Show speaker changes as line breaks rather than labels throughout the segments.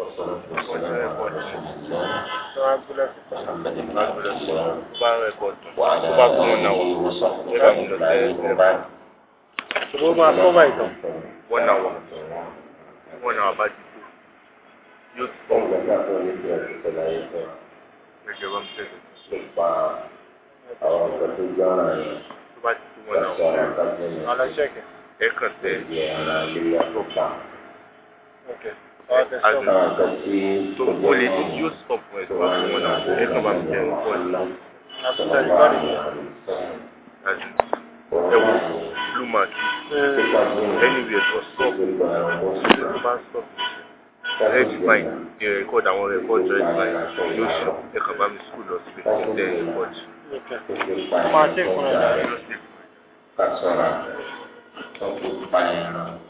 والصلاة والسلام على رسول الله محمد بن عبد الله وعلى آله وصحبه أجمعين وبعد ṣùgbọ́n máa sọ báyìí tán. wọ́n náà wọ́n wọ́n náà bá ti kú yóò ti kọ́. ọ̀gá náà tó ní ìgbà tó tẹ̀lé ayé fẹ́. ẹ̀jẹ̀ wọn ti tẹ̀lé. ló pa àwọn ọ̀gá tó gbá ara rẹ̀. tó bá ti kú wọn náà wọ́n. aláṣẹ́kẹ̀. ẹ kàn tẹ̀. ìyẹn ara ilé yàtọ̀ ká to o lè ní yóò sọ fún ẹ tó bá fún wọn náà ẹ kàn bá mi jẹ ẹ pọ ní. ẹ wo blue mark anywhere for stop ṣe tó bá stop
red line ní record àwọn record red line ló ṣe ẹ kàn bá mi school
lọ síbi tí ẹ record. máa ṣe ìfúnra ẹ. ká sọ̀rọ̀ tó kú báyìí náà.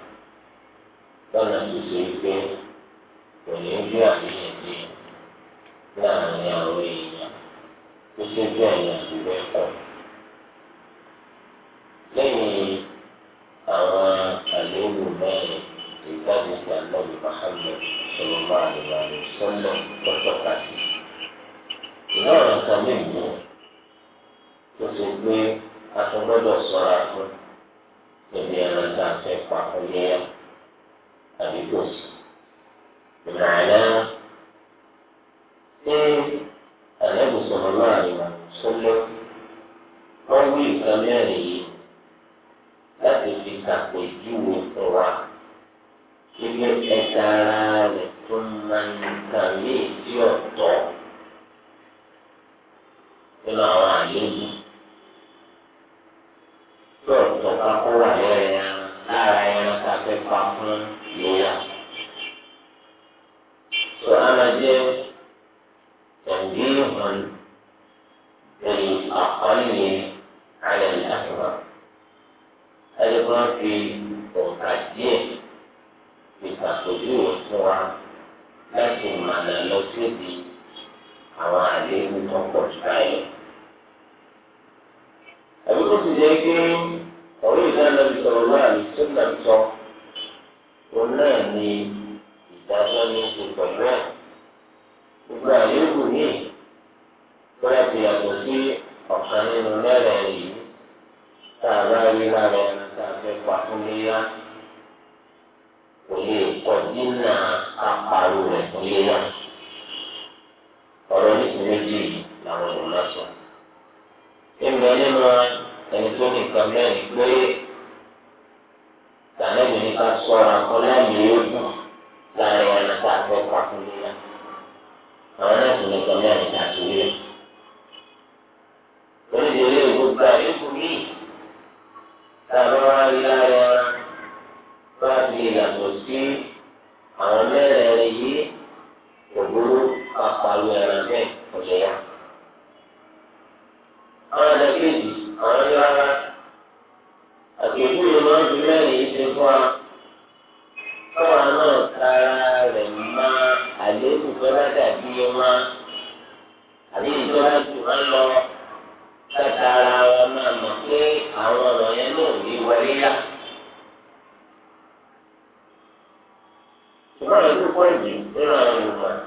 lọ́nà tó ṣe
kò ní bí àríyànjiyàn
láàrin àwọn èèyàn tó ṣe ẹ̀yàn sì bẹ́ẹ̀ lẹ́yìn
àwọn àléébù mẹ́rin ìtàgé ti ànábì Muhammad sọlọ́mọ àlùbáàlù sọ́lọ́ tọ́tọ́ka sí. ìlọ́run kan
mìíràn tó ṣe pé a tún gbọ́dọ̀ sọ́ra fún ìdí ẹran tá a fẹ́ tàbí tòsí. Ìmọ̀lá ṣé àlẹ́bù sọ̀rọ̀ láàrin wa sọ́lọ́ wọ́n wí nǹkan mẹ́rin yìí láti fi ṣàpèjúwe fún wa ilé ẹ̀ka ara rẹ̀
tó máa ń kà ní ìdí ọ̀tọ̀ nínú àwọn àléébù tí ọ̀tọ̀ kakọ́ wà
lára ẹran tá a fẹ́ pa fún un lóyà
tó ara jẹ tẹ̀gbínú hàn lórí àkọ́lé alẹ́ ìdájọba
ẹ̀dọ́gbọ́n fi òǹkà díẹ̀ ìtàkùjú fún wa láti mànà lọ síbi àwọn àléébù tó pọ̀ jù báyìí. àbíkú ti jẹ́ pé ọ̀rọ̀ ìdáná ìsọ̀rọ̀ náà ló ti ń nà sọ náà ni ìdájọ́ ní ṣe pẹ̀lú ẹ̀. gbogbo àyẹ̀wò ní bóyá ti yàtọ̀ sí ọ̀kan nínú mẹ́rẹ̀ẹ̀rin yìí tá a bá rí lára ẹni tá a fẹ́ pa fún léyà kò lè kọ dínà apàrò rẹ̀ fún léyà. ọ̀rọ̀ nítorí méjì làwọn ọ̀rọ̀ náà sọ. ìmọ̀ nínú ẹni tó nìkan mẹ́rin pé tànẹ́bì ní ká sọ̀rọ̀ àkọ́ láàyè ogun láàrin ọ̀nà tá a fẹ́ pàkúndé náà àwọn náà sì lọ́kọ̀ ní àyè àtúwé rẹ̀. onídìrí ògbó gba yókù míì tàbí wọn á rí láàrin ọ̀nà bá fi ìyàtọ̀ sí àwọn mẹ́rẹ̀ẹ̀rin yìí ògbóró apàlù ẹ̀ràn bẹ́ẹ̀ ọ̀jẹ̀ yá. àwọn ẹ̀dá àwọn ẹ̀dá àtòjú yìí máa ń fi mẹ́rin ṣe fún wa náà tara rẹ̀ àléébù dàbí yẹn àbí lọ wa máa mọ̀ pé àwọn ọ̀rọ̀ yẹn náà ní wọlé yá. ṣùgbọ́n dị pọ̀jù nínú àwọn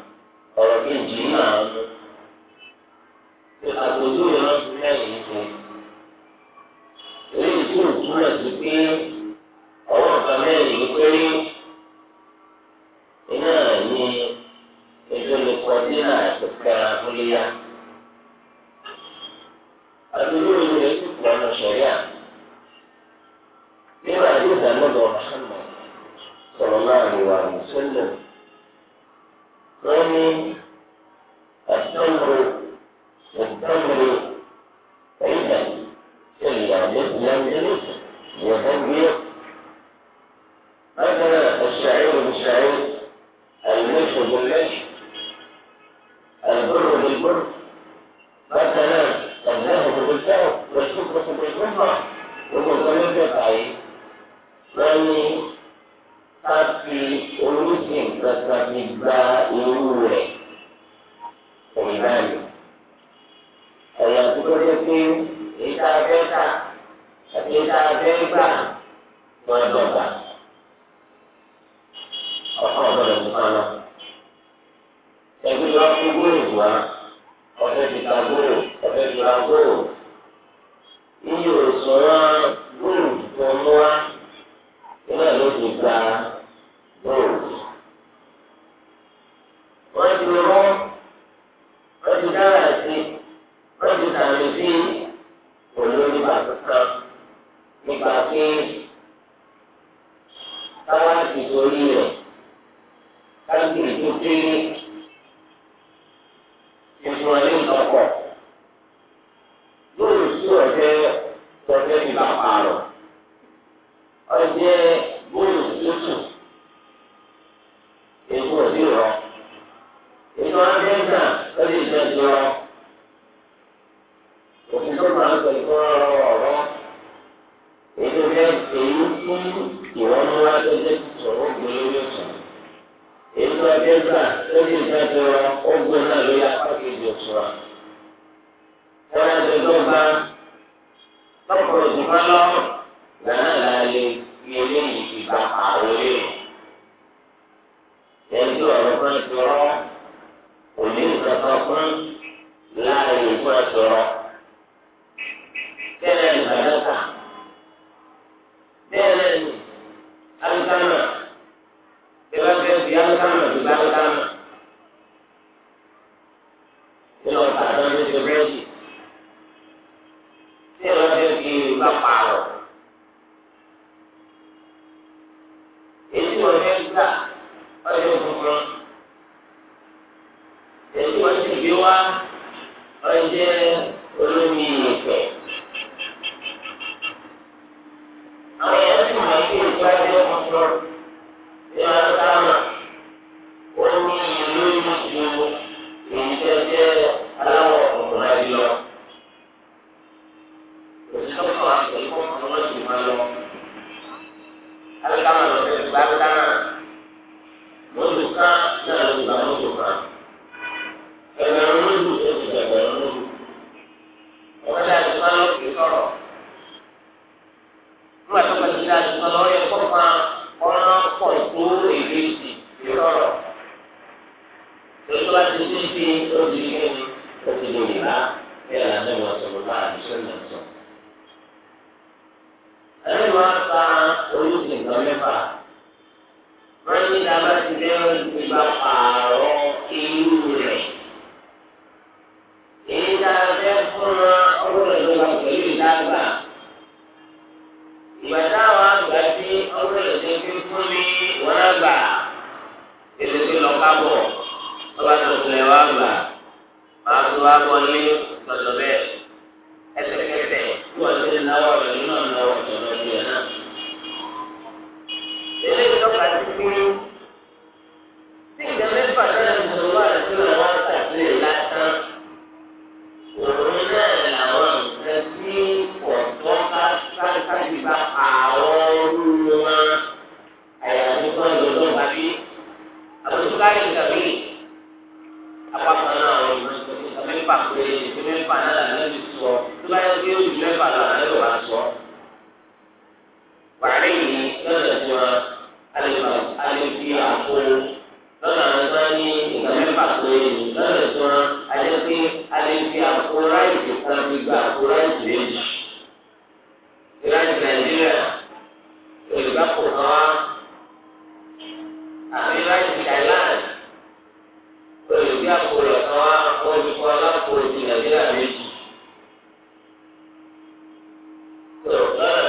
ọ̀rọ̀ kejì náà yìí
máa ń fi
eléyìí tí ò túmọ̀ sí pé
ọwọ́ nǹkan mẹ́rin ní péré iná ní ẹjọ́ lè kọ́ dínà ìpẹ́kẹ́ abúléyà. àdúgbò yìí rẹ̀ ti pọ̀ ọ̀nà sọ̀yà
nígbà tí ìdánilọ́dọ̀ sọ̀rọ̀ láàrin wa wọ́n ní 谢谢。So, uh,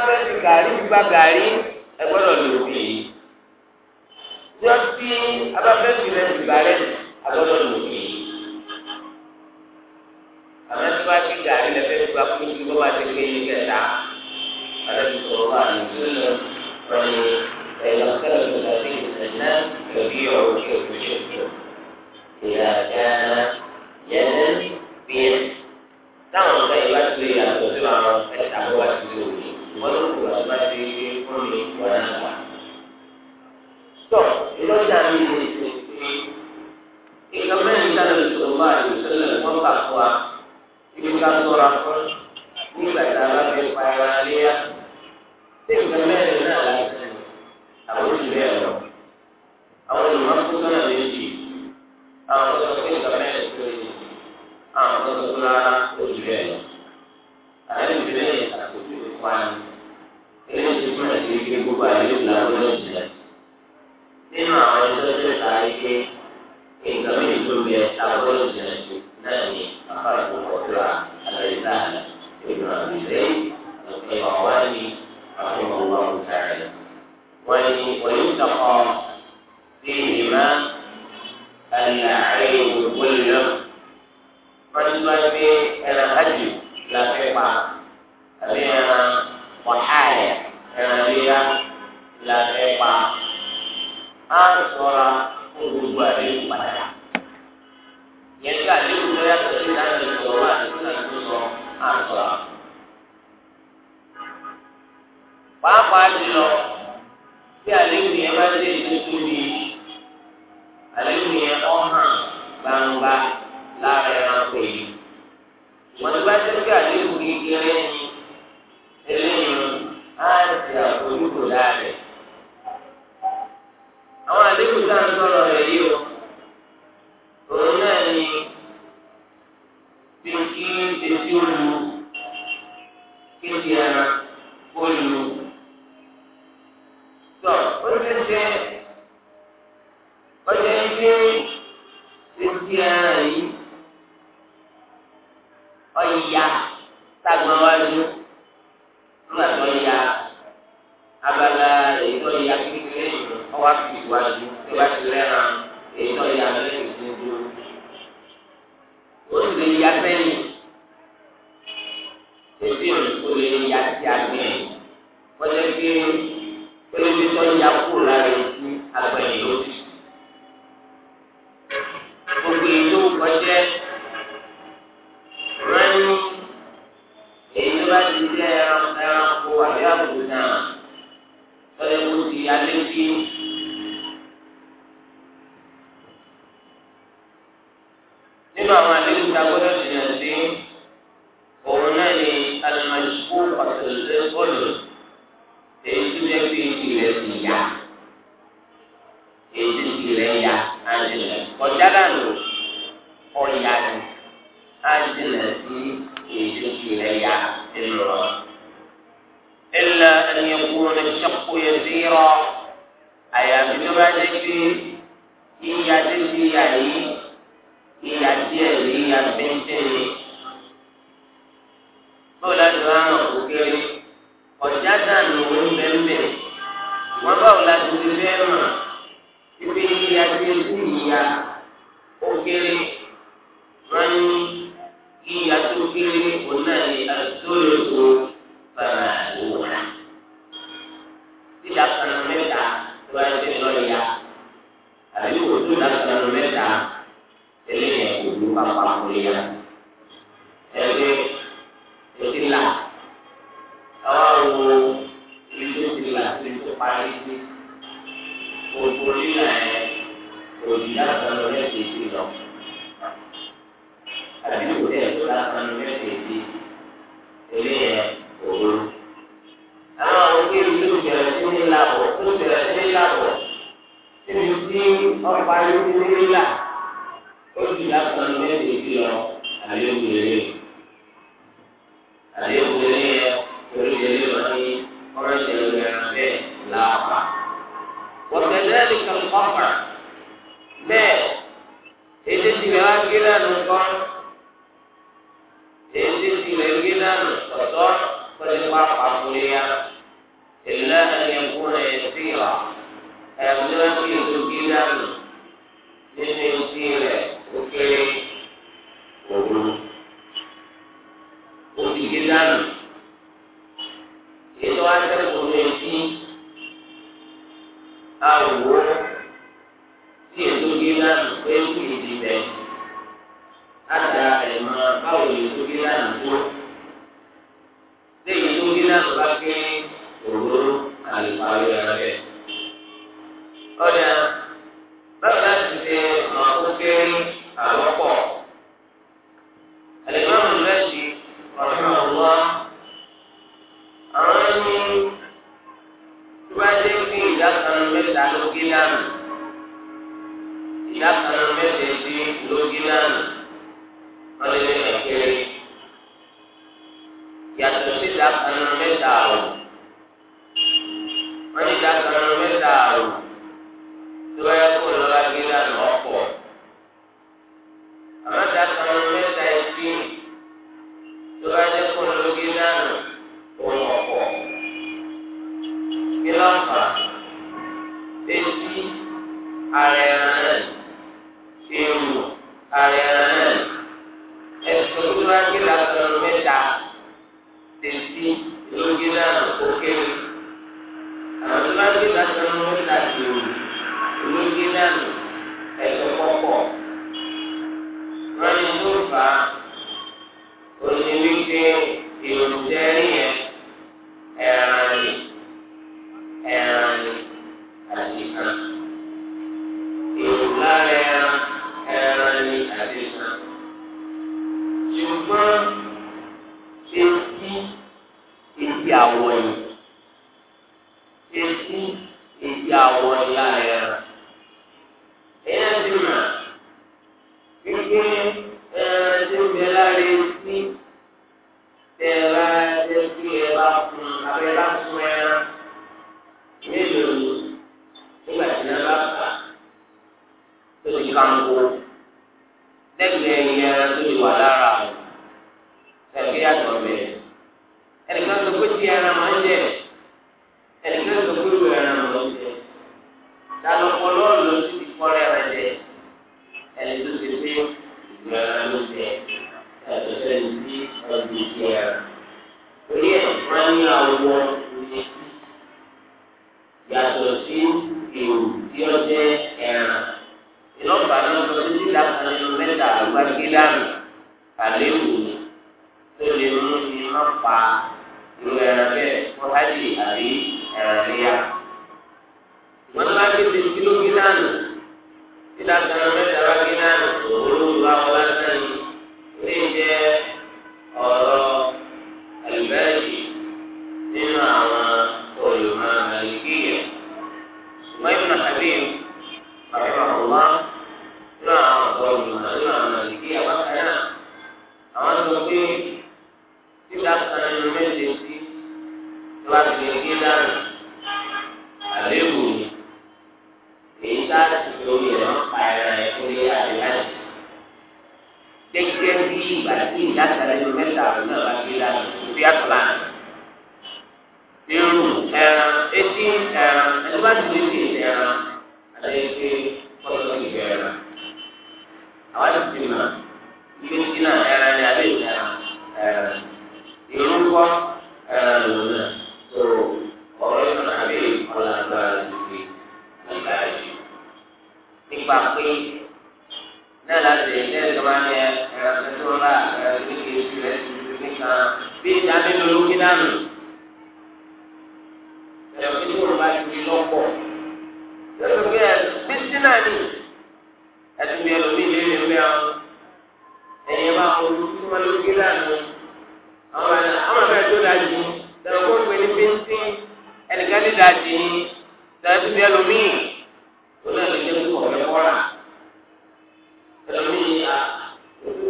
bá fẹ́ fi gàrí gba gàrí ẹ gbọ́dọ̀ lò sí i tí wọ́n ti abáfẹ́ fi rẹ̀ gba rẹ̀ a gbọ́dọ̀ lò sí i àmọ́ tí wọ́n ti gàrí lẹ́fẹ́ fi gba kú ju bọ́ bá ti gbé yín kẹta alẹ́bi sọ̀rọ̀ wà ní sílẹ̀ ọ̀nì ẹ̀yọ̀ kẹlẹ̀ tó lọ sí ìṣẹ̀lẹ̀ lórí ọ̀rọ̀ tí o fi ṣètò ìyá gánà yẹn ní bíẹ́ táwọn ọ̀gá ìbá ti lè yàtọ̀ sí àwọn ẹ̀ta ló wà sí o. ìlọ́jà mi lè ṣe pé nǹkan mẹ́rin dáná lè sọ̀rọ̀ bá àyè sẹ́lẹ̀ wọ́n kà fún wa ibi ká sọ̀rọ̀ afọ́ nígbà tá a bá fi pa ara léyà tí nǹkan mẹ́rin náà lè ṣe àwọn olùdílé ẹ̀rọ àwọn olùmọ̀ọ́kú náà lè jì àwọn ọ̀sán pé nǹkan mẹ́rin tó lè jì àwọn ọ̀sán tó rárá olùdílé ẹ̀rọ àwọn olùdílé ẹ̀rọ àkójú ìfọ̀ àyè eléyìí tó túmọ̀ sí gbogbo àyè ló ń la ọlọ́ọ̀dì rẹ̀. nínú àwọn ẹni tó ṣe ta ike nǹkan mi tó yẹ agbọ́dọ̀ jìnnà sí náà ni afárá tó pọ̀ tó ra àlàyé ابن أبي زيد القيرواني رحمه الله تعالى ويلتقى فيهما العيب كله فالسؤال في أنا أجل لا تقع أبينا وحايا أنا بيها لا تقع á sọ̀ra fún gbogbo àdéhùn padà. Yẹn tí àdéhùn tó yàtọ̀ sí láti sọ̀rọ̀ àdéhùn náà tó sọ á sọ̀ra. Pàápàá jùlọ tí àdéhùn yẹn bá dé ìdókòwò ni àdéhùn yẹn ọ̀hàn gbangba lára ẹranko yìí. Wọ́n ti bá tẹ́lẹ̀ kí àdéhùn kékeré ni eléyìí á ti àforíkò láàrẹ̀
àwọn àléébù tá à ń sọ̀rọ̀ rẹ̀ yìí o òun náà ni tìǹkì tìǹkì olùwò tìǹkì ẹ̀rọ olùwò tó ó ti ń jẹ ọjà ń jẹ tìǹkì
yìí ọ̀yà tá wájú. síwájú tó bá ti lẹ́ràn èyí náà yà lẹ́yìn tó ń dúró. ó sì lè ya sẹ́yìn èsì òyìnbó lè ya sí àgbẹ̀ wọ́n lè fi péréte tó ya kú lára ètú
àgbẹ̀yìn ló ti. gbogbo èyí tó kọjá rán ní èyí
tó bá ti jẹ́ ẹranko àbí àbùkù náà lọ́yẹ̀ kó ti alẹ́ kí. ìyá yìí ìyá díẹ̀ rí ìyá péńté rí. báwo láti máa ń kó kéré ọ̀já dànù oníbẹ̀ẹ́bẹ̀ wọ́n báwo láti ti fẹ́ ibi ìyá tí kú ìyá ó kéré. ذلك القطع bẹ́ẹ̀ ètè ti rẹ̀ wá gé lánàá kan ètè ti rẹ̀ gé lánàá ọ̀tọ̀ pẹ̀lú pápá fúnlẹ́yà ìlà ẹ̀yẹ̀kú rẹ̀ sí ra ẹ̀mí kí ètò gé lánàá nínú etí rẹ̀ ó kéré òru òbí awò tí ètò lánàá pé ó kì í di bẹ́ẹ̀ ẹ̀mọ báwo ni ètò lánàá tó lẹ́yìn tó lánàá bá gbé òróró àlùfáà rẹ̀ rẹ̀
ọ̀dà.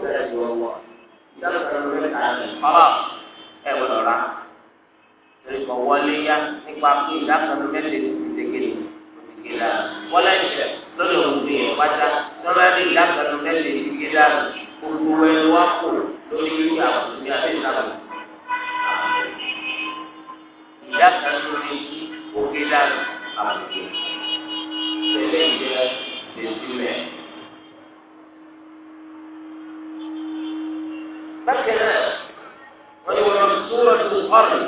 bẹ̀rẹ̀ sí ọwọ́ ìdáná kan ló ní kàrà mẹ́rin ọ̀rọ̀ ẹ̀ gbọ́dọ̀
rà torí kò wọlé yá nípa pé ìdáná kan ló mẹ́rin lè ti tẹ̀gẹ̀rẹ̀ òtìgẹ̀dà wọlé ìṣẹ̀ lórí
òkè الارض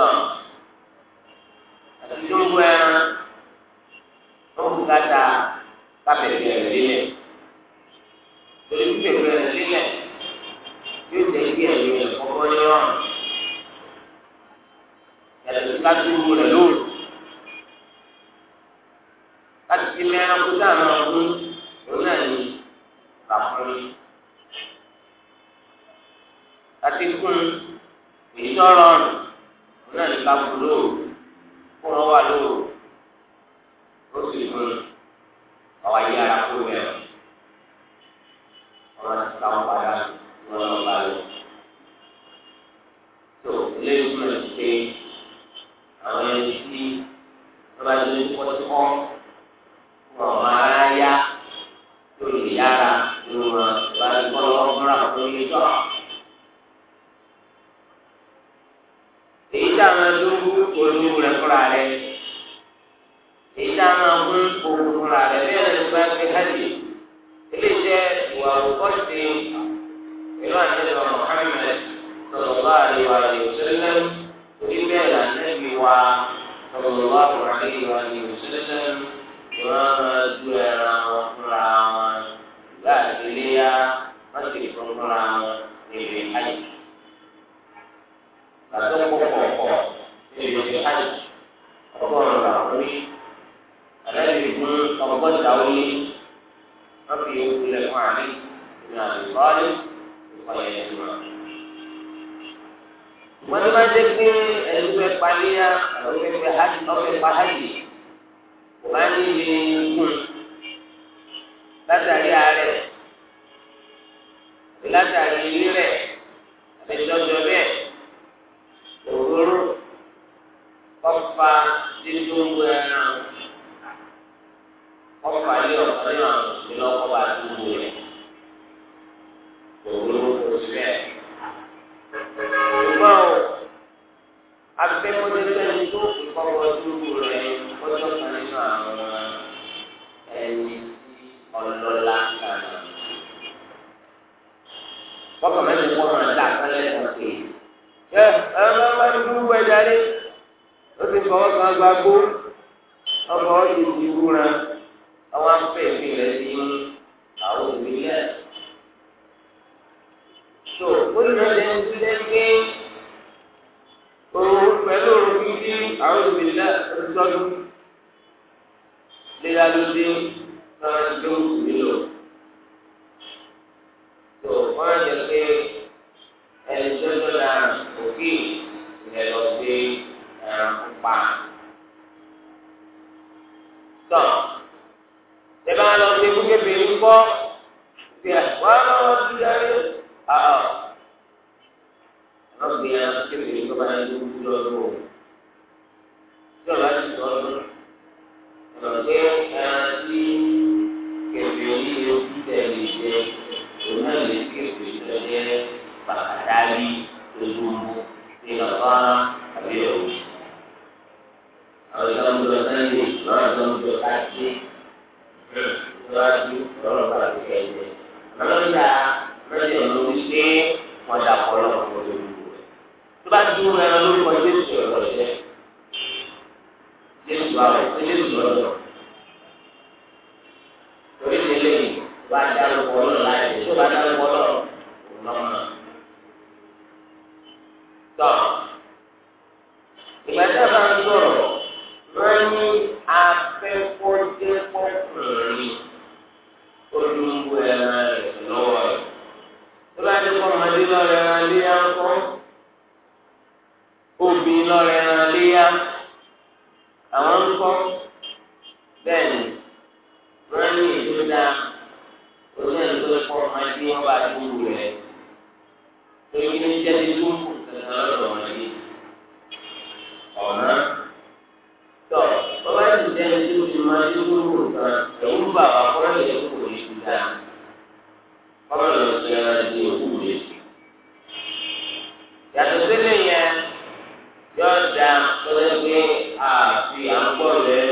tán lọ́kàn máa ń yẹ kó máa dà kálẹ̀ ọ̀sẹ̀ yìí.
ẹ ẹ máa máa ń gbúgbú ẹja lé
ó ti fọwọ́ kan gba gbó ọkọ̀ ó ti di wúra àwọn afẹ́ mi ti ń àwọn òbí
tó ó ní ọ̀dẹ́ ń ti lẹ́ òun pẹ̀lú òun fi dí àwọn òbí lẹ̀ lílá ló dé
náà ló ń lò tó wọ́n á yẹ pé ẹni tó lọ́la òkè ìyẹn lọ sí
ẹranko pa. tọ́ ẹ bá lọ sí kúkébé ń kọ́ bí ẹ wọ́n á lọ́wọ́ sí ayé
àá. àwọn gbìyànjú kúkébé ń kọ́ bá yẹn lójú lọ́wọ́ tí ọ̀la ti sọ ọ́ lọ́wọ́ pé ẹran tí. bàtàlí lójúmọ́ ní bàbá àbí ọ̀wọ́. àwọn ìjọba ń lọ sáyẹn lọ́wọ́ ìjọba ń lọ káàkiri síwájú lọ́rọ̀ bá ti kẹ́lẹ́. lọ́dà lọ́dà lórí pé wọ́n dà pọ̀ lọ́wọ́ lórí rẹ̀. tó bá ti dúró lẹ́nu lórúkọ jésù ọ̀rọ̀ jẹ́ jésù àwọn jésù ọ̀rọ̀. torí ti lè wá dárúkọ ọlọ́run láti tó bá dárúkọ ọlọ́run. ìgbà tí a bá ń sọ̀rọ̀ wọ́n ní
afẹ́kọ́jẹ́ pọ́kùnrin olùwò ẹran rẹ̀ lọ́wọ́ rẹ̀. tó bá dé fún ọmọdé lọ́rọ̀ ẹran léyà ń kọ́ obìnrin lọ́rọ̀ ẹran léyà àwọn ń kọ́ bẹ́ẹ̀ ni
wọ́n wọn ni
ọ̀nà tọ̀ bàbá yìí jẹ́ ẹni tí ó ti máa yí wúrú nǹkan ẹ̀rú bà wá fún ẹ̀yẹ kò ní ti dá ọmọ lọ sí ẹran ní òkú
rẹ̀. yàtọ̀ sílẹ̀ yẹn yọ̀ọ́ da lọ́dọ̀ pé àfi àgbọ̀ rẹ̀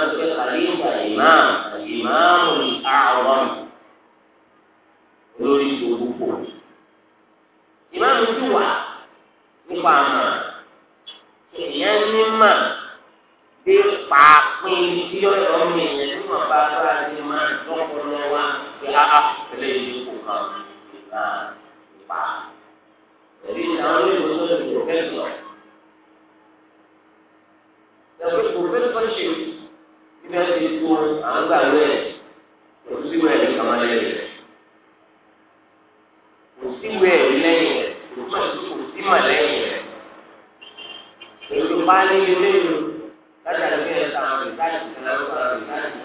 máa ń pè khalifa imam imamul a'zam lórí gbogbo ìmáàmù ti wà nípa àmà èèyàn ní mà dé pàápín tí yọ̀ọ́ mi ìyẹn níwọ̀n bá bá a máa dọ́kọ̀ọ́ wa kí á
wálé lélẹ́ yìí
láti àgbẹ̀ ẹ̀ ta àwọn ìta ìsìn náà wọ́n àwọn ìta ìsìn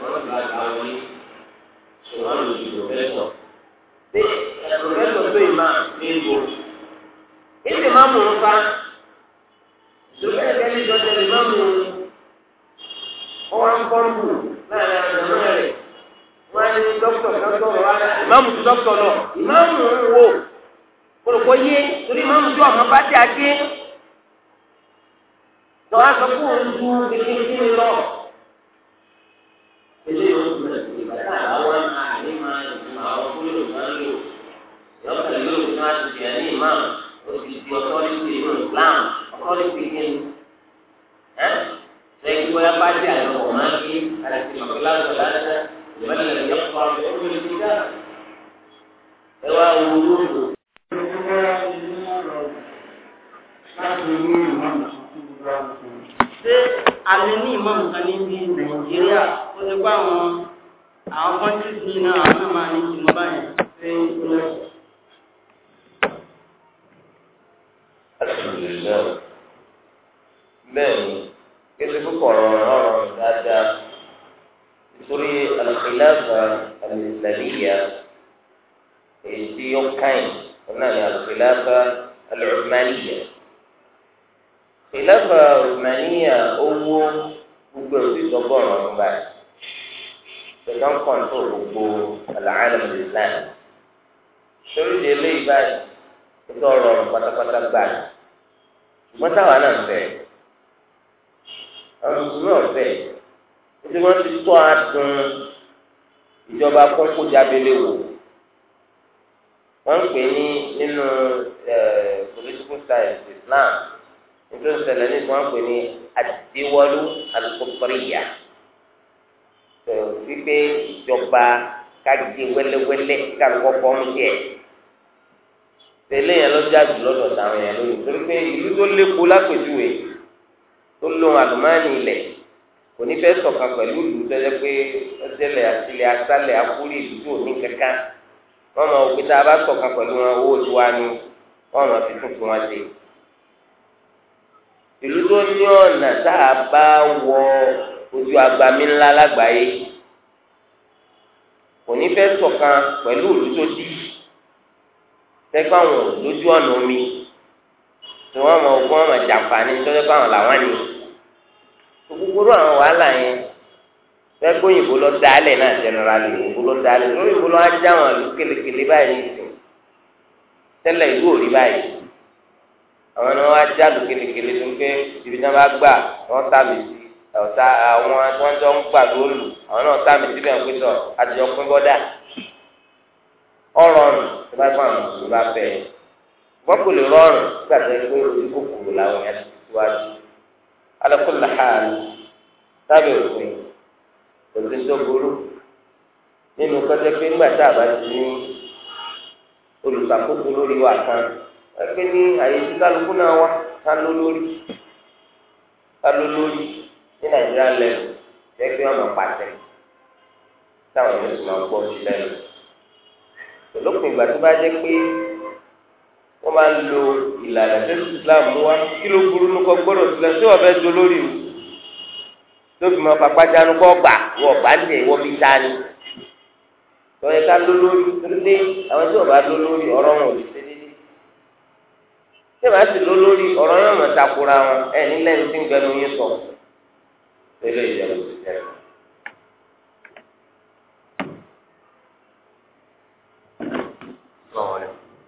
wọ́n ti ṣùgbọ́n lò sí pòfẹ́sọ̀. ṣé pòfẹ́sọ̀ tó ìmá ní ìbò ìsìn máa mú
un fa ìdókòwò ẹni tó tẹ̀lé máa mú un ó wá ń kọ́ ń bù láàrin àgbẹ̀ rẹ̀ wọ́n á ní dókítọ̀ dókítọ̀ wá ìmáàmù tó dókítọ̀ náà ìmáàmù ń wò kórópó yé torí
ìmáàmù tó àmọ́ bá ti àgé tó a sọ fún òun ju kékeré lọ. ilé yóò tún bẹ̀rẹ̀ sí ìgbà tá àwọn àlè máa ń lu àwọn kúlò máa ń lò lọ́kàn yóò tún á ti jẹ́ ní ìmọ̀ òbí ti ọkọ nípa ìlú Islam ọkọ nípa ìlú ẹ lẹ́yìn bóyá bá dé àlọ́ ọ̀ máa ń kí àti ìmọ̀kílá lọ́la ẹ̀ lọ́la ẹ̀ yọ̀pọ̀ àwọn ọmọ ìlú dá ẹ wá wo
lóòrùn. alẹ ní ìmọ̀ nǹkan níbi nàìjíríà ó ti pa àwọn àwọn kọ́ńtìsì náà àwọn náà máa ní ìmọ̀ báyìí ṣe é lọ́sọ̀.
alhamdulilayi bẹ́ẹ̀ni kéde púpọ̀ rọrùn rọrùn èyí tí ó káyìn ó náà ní alùpùpù ìlẹ́fà rùmẹ́níà owó gbogbo òbí sọ́gbọ́n ọ̀run báyìí pẹ̀lú kọ́ńtò gbogbo àlàáfíà islam torí di eléyìí báyìí ó tọ́ ọ̀rọ̀ ọ̀run pátápátá báyìí ṣùgbọ́n táwa náà fẹ́ àwọn mùsùlùmí ọ̀fẹ́ ó ti wọ́n ti tó àtún ìjọba kọ́kọ́ jábélé wò wọ́n ń pè ní nínú political science islam nítorí ìṣẹ̀lẹ̀ ní ìsúná pè ní àdéwọlú alukókòrìyà wípé ìjọba kájí wẹlẹwẹlẹ kálukọ fọmù díẹ̀ tẹ́lẹ̀ yẹn lọjà jù lọ́dọ̀ táwọn yẹn lóyún torí pé ìlú tó lépo lápèjúwe tó lóhun àlùmáàní ilẹ̀ kò ní fẹ́ ṣọ̀kan pẹ̀lú ìlú tẹ́lẹ̀ pé ọjẹlẹ̀ àtìlẹ̀ asálẹ̀ akúrí ìlú tó ní kankan wọn mọ òkúta bá ṣọ̀kan pẹ̀lú wọn owó tiwa ni wọn mọ fi tuntun wọn ṣe tó ní ọ̀nà tá a bá wọ ojú agbami ńlá lágbàáyé kò ní fẹ́ ṣọ̀kan pẹ̀lú ìlú tó dì tẹ́gbà wọn lójú ọ̀nà omi tí wọ́n mọ ogun ọmọ jàǹfààní tọ́jọ́ báwọn làwọn ni gbogbo àwọn wàhálà yẹn fẹ́gbọ́n òyìnbó lọ dálẹ̀ náà jẹnẹrali òyìnbó lọ dálẹ̀ lórí òyìnbó lọ ajá wọn lù kélekèlé báyìí tẹ́lẹ̀ ìlú òrí báyìí àwọn ni wọ́n ajá lù kélekèlé tó pé ibi tí wọ́n bá gbà wọ́n sàmì sí ọ̀tá àwọn tí wọ́n jọ ń gbà lóòlù àwọn náà sàmì síbẹ̀ ń pèsè àtijọ́ pín bọ́dà ọ̀rọ̀rùn tó bá fún àwọn mùsùlùmí bá fẹ́ gbọ́kù lè rọrùn gbàtà pé olùkókòrò làwọn yẹn ti wájú alákùnlé hàlù sábẹ́ òfin òfin tó burú nínú kọjá pé nígbà tá a bá ti ní olùsàkóso lórí wa kan ẹgbẹ́ ní àyè tí kálukú náà wá ká ló lórí ká ló lórí ní nàìjíríà lẹ́nu ẹgbẹ́ ọmọ pàṣẹ táwọn ènìyàn sì máa gbọ́ sí lẹ́nu lópin ìgbà tó bá jẹ́ pé wọ́n máa ń lo ìlànà tó ti islam wá kí ló burú nukọ gbọ́dọ̀ sílẹ̀ tí wọ́n fẹ́ do lórí o tóbi máa papá jánu kọ́ gbà wọ́n gbà ń tẹ̀ fi ta ni lọ́yẹ̀ká ló lórí torí àwọn tí wọ́n bá ló ọ̀rọ̀ wọn ò tí màá sì ló lórí ọ̀rọ̀ náà mà takora wọn ẹ̀ nílẹ̀ ní ti ń gbẹnu yín sọ
pẹ̀lú ìjọba ti tẹ̀.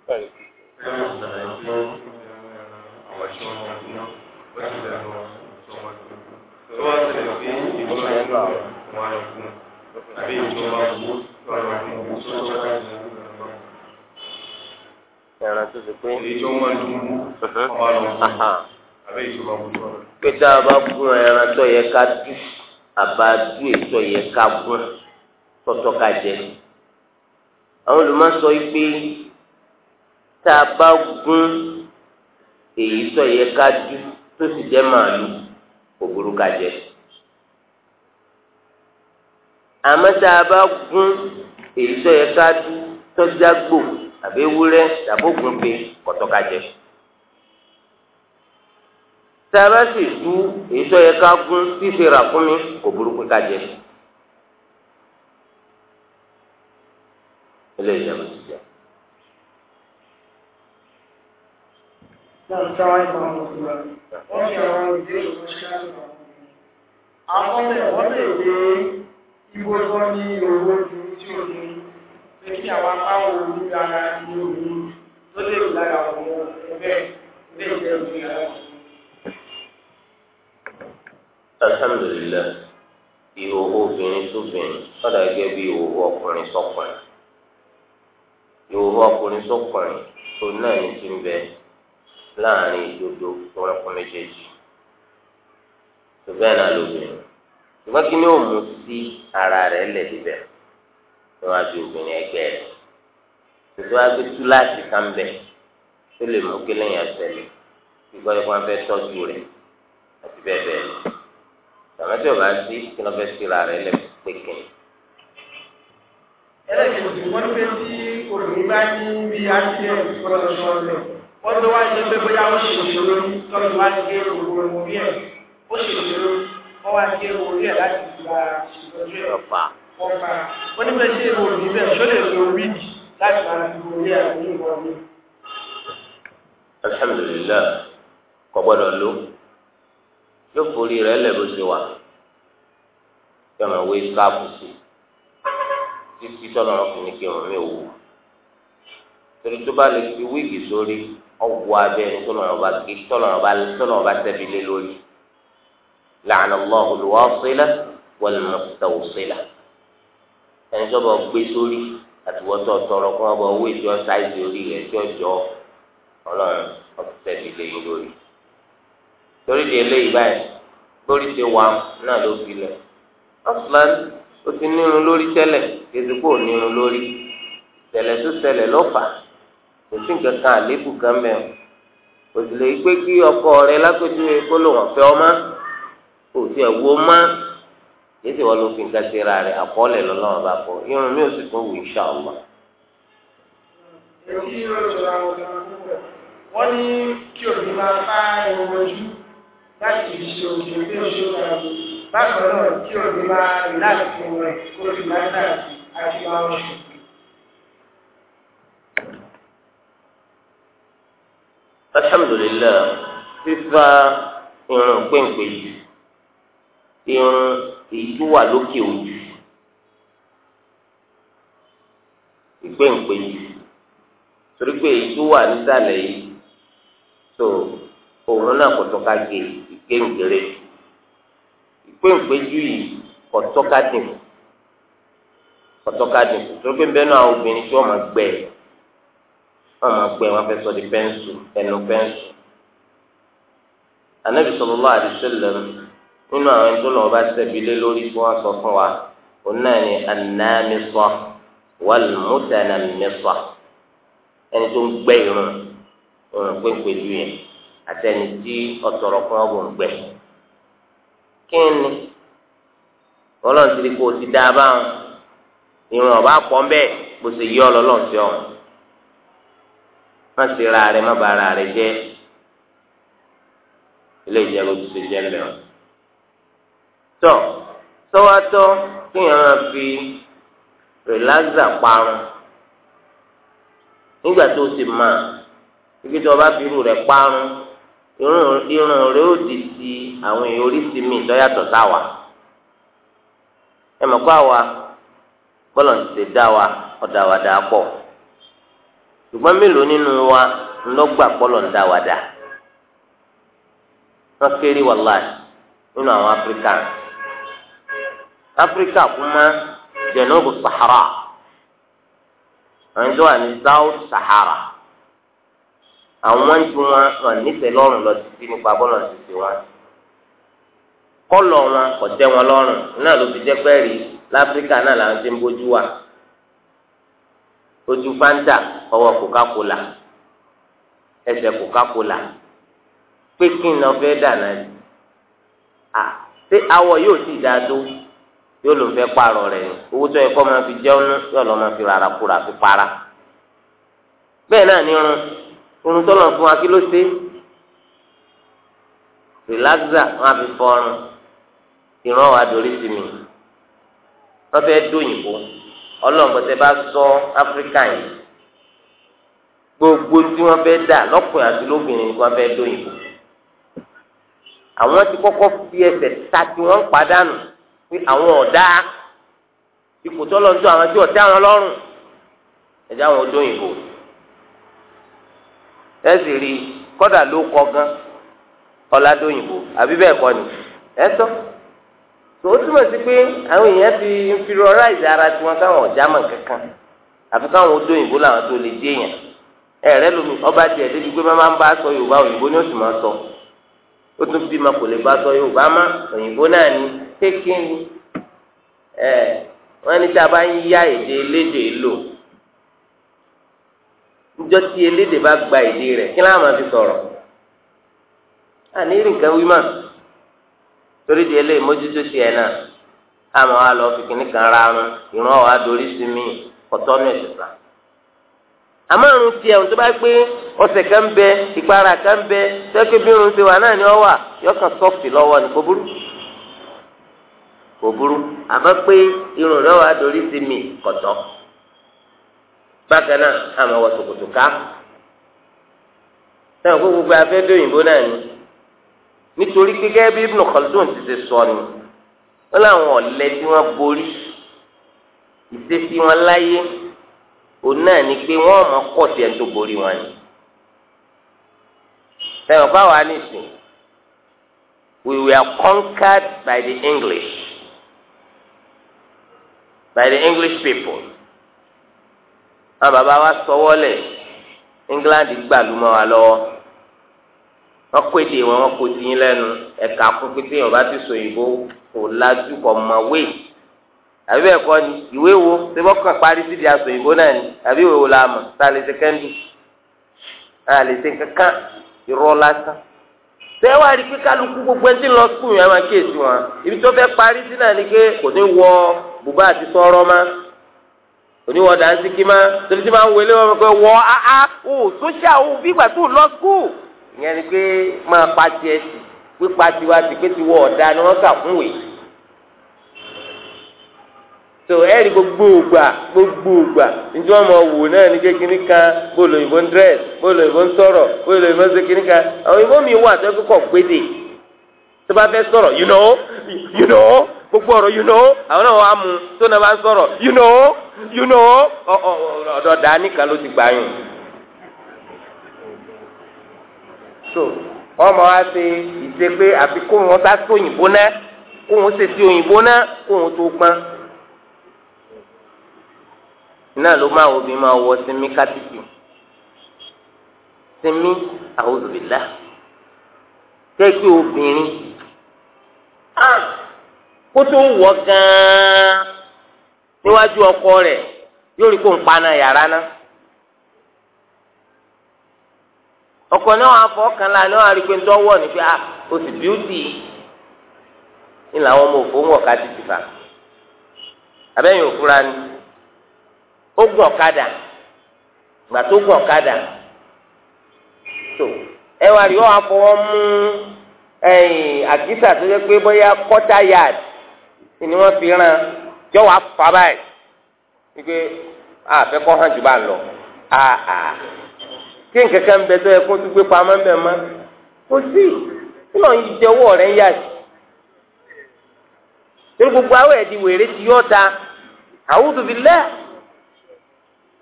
Thank you.
pé tá a bá gún ẹran tó yẹ ká dú àbá dú ètò yẹ ká gún tọ́tọ́ ká jẹ àwọn olùmọ̀sọ yìí pé tá a bá gún èyí tó yẹ ká dú tó sì jẹ́ màálù òbúrú ká jẹ àmọ́ tá a bá gún èyí tó yẹ ká dú tọ́jà gbò àbí ewúrẹ́ tàbí ògùn pé kọ̀tọ́ ká jẹ tẹ́lá sì du èyí tó yẹ ká gún fífi rà fún mi kò burúkú ká jẹ. ilé ìjọba ti jẹ.
Àkọsílẹ̀ wọ́n lè gbé ibo tó ní owó ju tí o ní pé kí àwọn apáwọ̀ orí ara ní omi tó lè lára àwọn ọmọ lè jẹ́ omi ara
alhamdulilayi ìhòhò obìnrin sóbìnrin sọdọ gẹ́gẹ́ bí ìhòhò ọkùnrin sọ́kùnrin ìhòhò ọkùnrin sọ́kùnrin tó náà ní ti ń bẹ láàrin ìdodo tó wọn kọ méjèèjì tó bẹ́ẹ̀ náà lóbìnrin ṣùgbọ́n kí ni ó mú sí ara rẹ̀ lẹ̀ níbẹ̀ níwájú obìnrin ẹgbẹ́ rẹ̀ tòtò wájú túláàsì kan tó lè mú kí lẹ́yìn àtẹ̀lé ìgbọ́dọ̀ kan fẹ́ tọ́jú rẹ̀ àti bẹ́ẹ̀ bẹ́ẹ̀ lọ tàbátí ọba sí kí lọ́ọ́ fẹ́ síra rẹ̀ lẹ́ pékè.
ẹlẹ́sìn wọ́n fẹ́ tí olùmí bá ní bí aṣíṣe ìfọlọ́sọ rẹ̀ wọ́n tó wá ṣe pé bóyá ó ṣe ìṣòro tọ́lú wá ní gé òwò orí ẹ̀ ó ṣe ìṣòro wọ́n wá gé orí ẹ̀ láti gba ìṣòro ẹ̀ ọ̀pá. wọ́n ní bẹ́ẹ̀ ṣe olùmí bẹ́ẹ̀ ṣó lè lo wíìdì láti máa fi orí ẹ̀ ní
ìwọ̀n yóò forí rẹ̀ lẹ̀ bó ṣe wà yóò máa wé sáàpù sí títí tọ́lọ́ ọkùnrin kí ọ̀rọ̀ mi wò torí tó bá lè fi wíìgì sórí ọwọ́ abẹ́ ẹni tọ́lọ́ ọba kí tọ́lọ́ ọba tọ́lọ́ ọba tẹ́bi lé lórí làánà Allahu al-wasila wal-mustawsila ẹni tó bá gbé sórí àtiwọ́tọ̀ tọrọ kí wọ́n bá owó ìjọ sáìsì orí rẹ̀ tí ọjọ́ ọlọ́run ọ̀tẹ̀bi lé lórí torí di eléyìí báyìí lórí ti wà náà ló fi lẹ̀ ọ̀sùlán ó ti nírun lórí tẹ́lẹ̀ kìsìkò nírun lórí tẹ̀lẹ̀ tó tẹ̀lẹ̀ lọ́fà kò sí nǹkan kan àléébù kan mẹ́rin kò sì lè gbé kí ọkọ rẹ lápẹ́jú kó lò wọ́n fẹ́ ọmọ kò sí ẹ̀wọ́ mọ́ yéésì wọn ló fi nǹkan ti ra rẹ̀ àkọọ́lẹ̀ lọ́lọ́run bá fọ irun mi ò sì tún wù insha Allah.
wọ́n ní kí òbí máa bá irun ojú láti fi ṣe oṣù bí oṣù kàgbó bákan náà tí òní máa rìn láti fún rẹ̀ kó fi láńdà àti máa ń ṣe.
alhamdulillah fífa irun péńpé yìí irun èyí tó wà lókè ojú ìpéǹpé yìí torí pé èyí tó wà nísàlẹ̀ yìí tó òun náà kò tó ká gé yìí. E kéńgéré ìpéǹpéjú yìí kọ̀tọ́kadì kọ̀tọ́kadì tó pé bẹ́ẹ̀ náà obìnrin tí wọ́n máa gbẹ wọ́n máa gbẹ wọ́n fẹ́ sọ di pẹ́ńsù ẹnu pẹ́ńsù anabi sallallahu alaihi wasallam nínú àwọn ẹni tó lọ bá ṣẹbi lé lórí tí wọ́n sọ fún wa òun náà ni anamisa wàlmùtànàmisa ẹni tó ń gbẹ irun òun pé pẹ̀lú yẹn àtẹni tí ọ̀tọ̀rọ̀ kan ọ̀gùn gbẹ. kí ni ọlọ́run ti di ìrìn ọ̀bá pọ̀ mbẹ́ bó ṣe yí ọlọ́run sí má ṣe ra rẹ má ba ara rẹ jẹ ilé ìjẹun tó ṣe jẹ lẹ́wọ̀n. tọ́ sọ́wọ́tọ́ kí èèyàn máa fi rìláxà parun nígbà tó o sì máa ibi tí ọba fi irú rẹ̀ parun irun irun rẹ ó di sí àwọn èèyàn mi lọ́yàtọ̀ sáwa ẹ mọ̀ kó wa ọ̀dà wa dà pọ̀ ṣùgbọ́n mélòó nínú wa ńlọ́gbà bọ́lọ̀ ń dá wa dà wọ́n kéré wàláì nínú àwọn áfíríkà
áfíríkà kuma jẹ̀nọ́bù
sahara àwọn ìjọba ní south sahara. àwọn tí wọn hàn nífẹ̀ẹ́ lọ́rùn lọ títí nípa bọ́ọ̀lù títí wọn kọlọ wọn kò tẹ́ wọn lọ́rùn náà ló fi jẹ́ pẹ́ẹ́rì láfíríkà náà làwọn ti ń bójú wa ojú fanta ọwọ́ coca-cola ẹsẹ̀ coca-cola pé kí n lọ fẹ́ dànà yìí à ṣé awọ yóò ti dáa tó yóò ló ń fẹ́ pààrọ̀ rẹ̀ ni owó tó yẹ kó máa fi jẹun yóò lọ máa fi rárá kúra fi para bẹ́ẹ̀ náà ní irun tó lọ fún wa kí ló ṣe relaxa wọn àfi fọrùn ìran wa dorí sí mi wọn fẹẹ dóyìnbó ọlọ́nkọ́ tẹ bá sọ áfíríkà yìí gbogbo tí wọn fẹẹ dà lọ́kùnrin àti lóbìnrin wọn fẹẹ dóyìnbó àwọn ti kọ́kọ́ fi ẹsẹ̀ ta tí wọn ń padànù pé àwọn ọ̀dá ipò tó lọ ń tó àwọn tí ọ̀tá àwọn lọ́rùn ẹ̀jẹ̀ àwọn odóyìnbó. ẹ sì ló kọ gan ọ̀làdóyìnbó àbí bẹ́ẹ̀ ni ẹ tó o túmọ̀ sí pé àwọn èèyàn ti inferiorize ara tiwọn káwọn ọ̀já mọ̀ kankan àfi káwọn odóyìnbó làwọn tó lè dé yẹn ẹ̀rẹ́ lomi ọba tiẹ̀ débi pé máa ń bá sọ Yorùbá òyìnbó ni ó sì máa sọ ó tún bí ma kò lè bá sọ Yorùbá òyìnbó náà ni kékeré ẹ ní njọ tí gba ede rẹ̀ kí láwọn sọrọ fi sọ̀rọ̀ àní rí nǹkan wí mà torí di eléyìí mójútó sí ẹ náà káàmọ́ lọ fi kíní kan rárun ìran ọ̀ adorí sí mi ọ̀tọ́ ní ìṣẹ̀lá àmọ́ irun tiẹ̀ tó bá ti wà náà ni ọ wà yọkàn sọ́ọ̀fì lọ́wọ́ ni kò burú kò burú àmọ́ irun rẹ̀ wà adorí sí bákan náà àmọ́ wọ ṣòkòtò ká sẹ́wọ̀n kó gbogbo abẹ́dẹ́ òyìnbó náà ni nítorí gẹ́gẹ́ bí Ibn Khaldun ti ṣe sọ ni wọ́n láwọn ọ̀lẹ́ tí wọ́n borí ìṣesí wọn láyé òun náà ni pé wọ́n mọ̀ kọ̀ sí ẹni tó borí wọn ni sẹ́wọ̀n fáwọn anísìn we were conquered by the English by the English people àwọn bàbá wa sọwọ́ lẹ̀ England gbà lù mọ́ wa lọ́wọ́ wọ́n kó èdè wọn wọ́n kó tiyín lẹ́nu ẹ̀ka kún pété yẹn ọba ti sọ òyìnbó kò lajú kò mọ̀ wé àbí bẹ́ẹ̀ kọ́ ni ìwé wo ṣé wọ́n kàn parí sí di aṣọ òyìnbó náà ni àbí ìwé wo la mọ̀ tá a lè ṣe kẹ́ńdù tá a lè ṣe kankan irọ́ lásán tẹ́ wá rí pé kálukú gbogbo ẹtí lọ sùkúù yẹn máa kíyèsí wọn ibi tó fẹ́ parí sí náà ni pé kò ní wọ bùbá àti sọ̀rọ̀ máa. oníwọ̀n dànsí kí máa torí tí máa ń wọlé wọn pé o sóṣà bí ìgbà tó lọ skul. ìyẹn ni pé máa pa tiẹ̀ sí pípa tiwa ti pé tiwọ́ ọ̀dà ni wọ́n kà fún wèé. tó gbogbo ògbà gbogbo ògbà wò náà ní kékeré kan bóòlù ń dírẹ́sì ń sọ̀rọ̀ ń kékeré kan àwọn mi wà tó tó bá fẹ́ sọ̀rọ̀ you know you know gbogbo ọ̀rọ̀ you know àwọn náà wàá mu tó náà bá sọ̀rọ̀ you know you know ọ̀dọ̀ dání kan ló ti gbà yín. so ọmọ wa ṣe ìṣe pé àfi kó wọn sá sí òyìnbó náà kó wọn ṣe sí òyìnbó náà kó wọn tó gbọ́n. iná ló máa wo bí máa wọ sinmi kátìkì sinmi àwòzùbìlà jẹ́ kí obìnrin. kó tó ń wọ gan-an níwájú ọkọ rẹ yóò rí kó ń ọkọ náà wà fọ ọkàn láàánú àrígbé ń dọ́wọ́ ní pé o bíútì ní làwọn ọmọ òfò ń ti abẹ́yìn òfúra ni ó gùn gbà tó gùn ọ̀kadà tó ẹ̀yìn àkísà tó yẹ pé bóyá quarter yard ni wọ́n fi ràn jọ wàá fà báyìí wípé àfẹ́ kọ́ hàn jù bá lọ àà kí nǹkan kan bẹ tó yẹ kó tó gbé pamọ́ ń bẹ mọ́ kò sí kí lọ́n yí owó rẹ̀ ń yà sí. ta àwùjọ fi lẹ́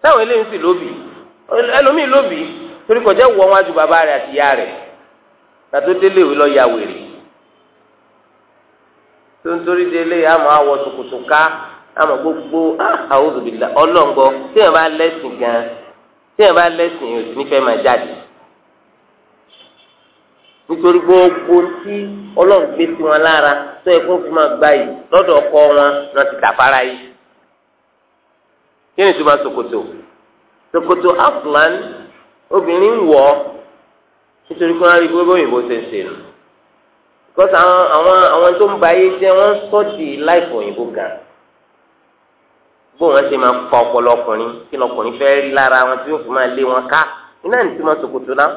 táwọn eléyìí sì lóbì ẹlòmíì lóbì torí kò jẹ́ wọ́n wájú tàtó délé ìwé lọ ya wèrè tó ń torí délé àmọ́ àwọ sòkòtò ká àmọ́ gbogbo àwọn ah, òbílà ọlọ́ngbọ tí yẹn bá lẹ́sìn gan tí yẹn bá lẹ́sìn yóò nífẹ̀ẹ́ máa jáde nítorí gbogbo tí ọlọ́run gbé sí wọn lára tó yẹ kó fi máa gba yìí lọ́dọ̀ ọkọ wọn náà ti dàpára yìí kí ni tó máa ṣòkòtò ṣòkòtò afúlán obìnrin wọ̀ ọ́ nítorí kí wọ́n rí gbogbo òyìnbó ṣe ṣe nù because àwọn àwọn àwọn tó ń ba ayé jẹ́ wọ́n sọ di life òyìnbó gan bó wọ́n ṣe máa pa ọpọlọ ọkùnrin kí lọkùnrin fẹ́ rí lára wọn tí yóò fi máa lé wọn ká iná ní tí wọ́n ṣòkòtò náà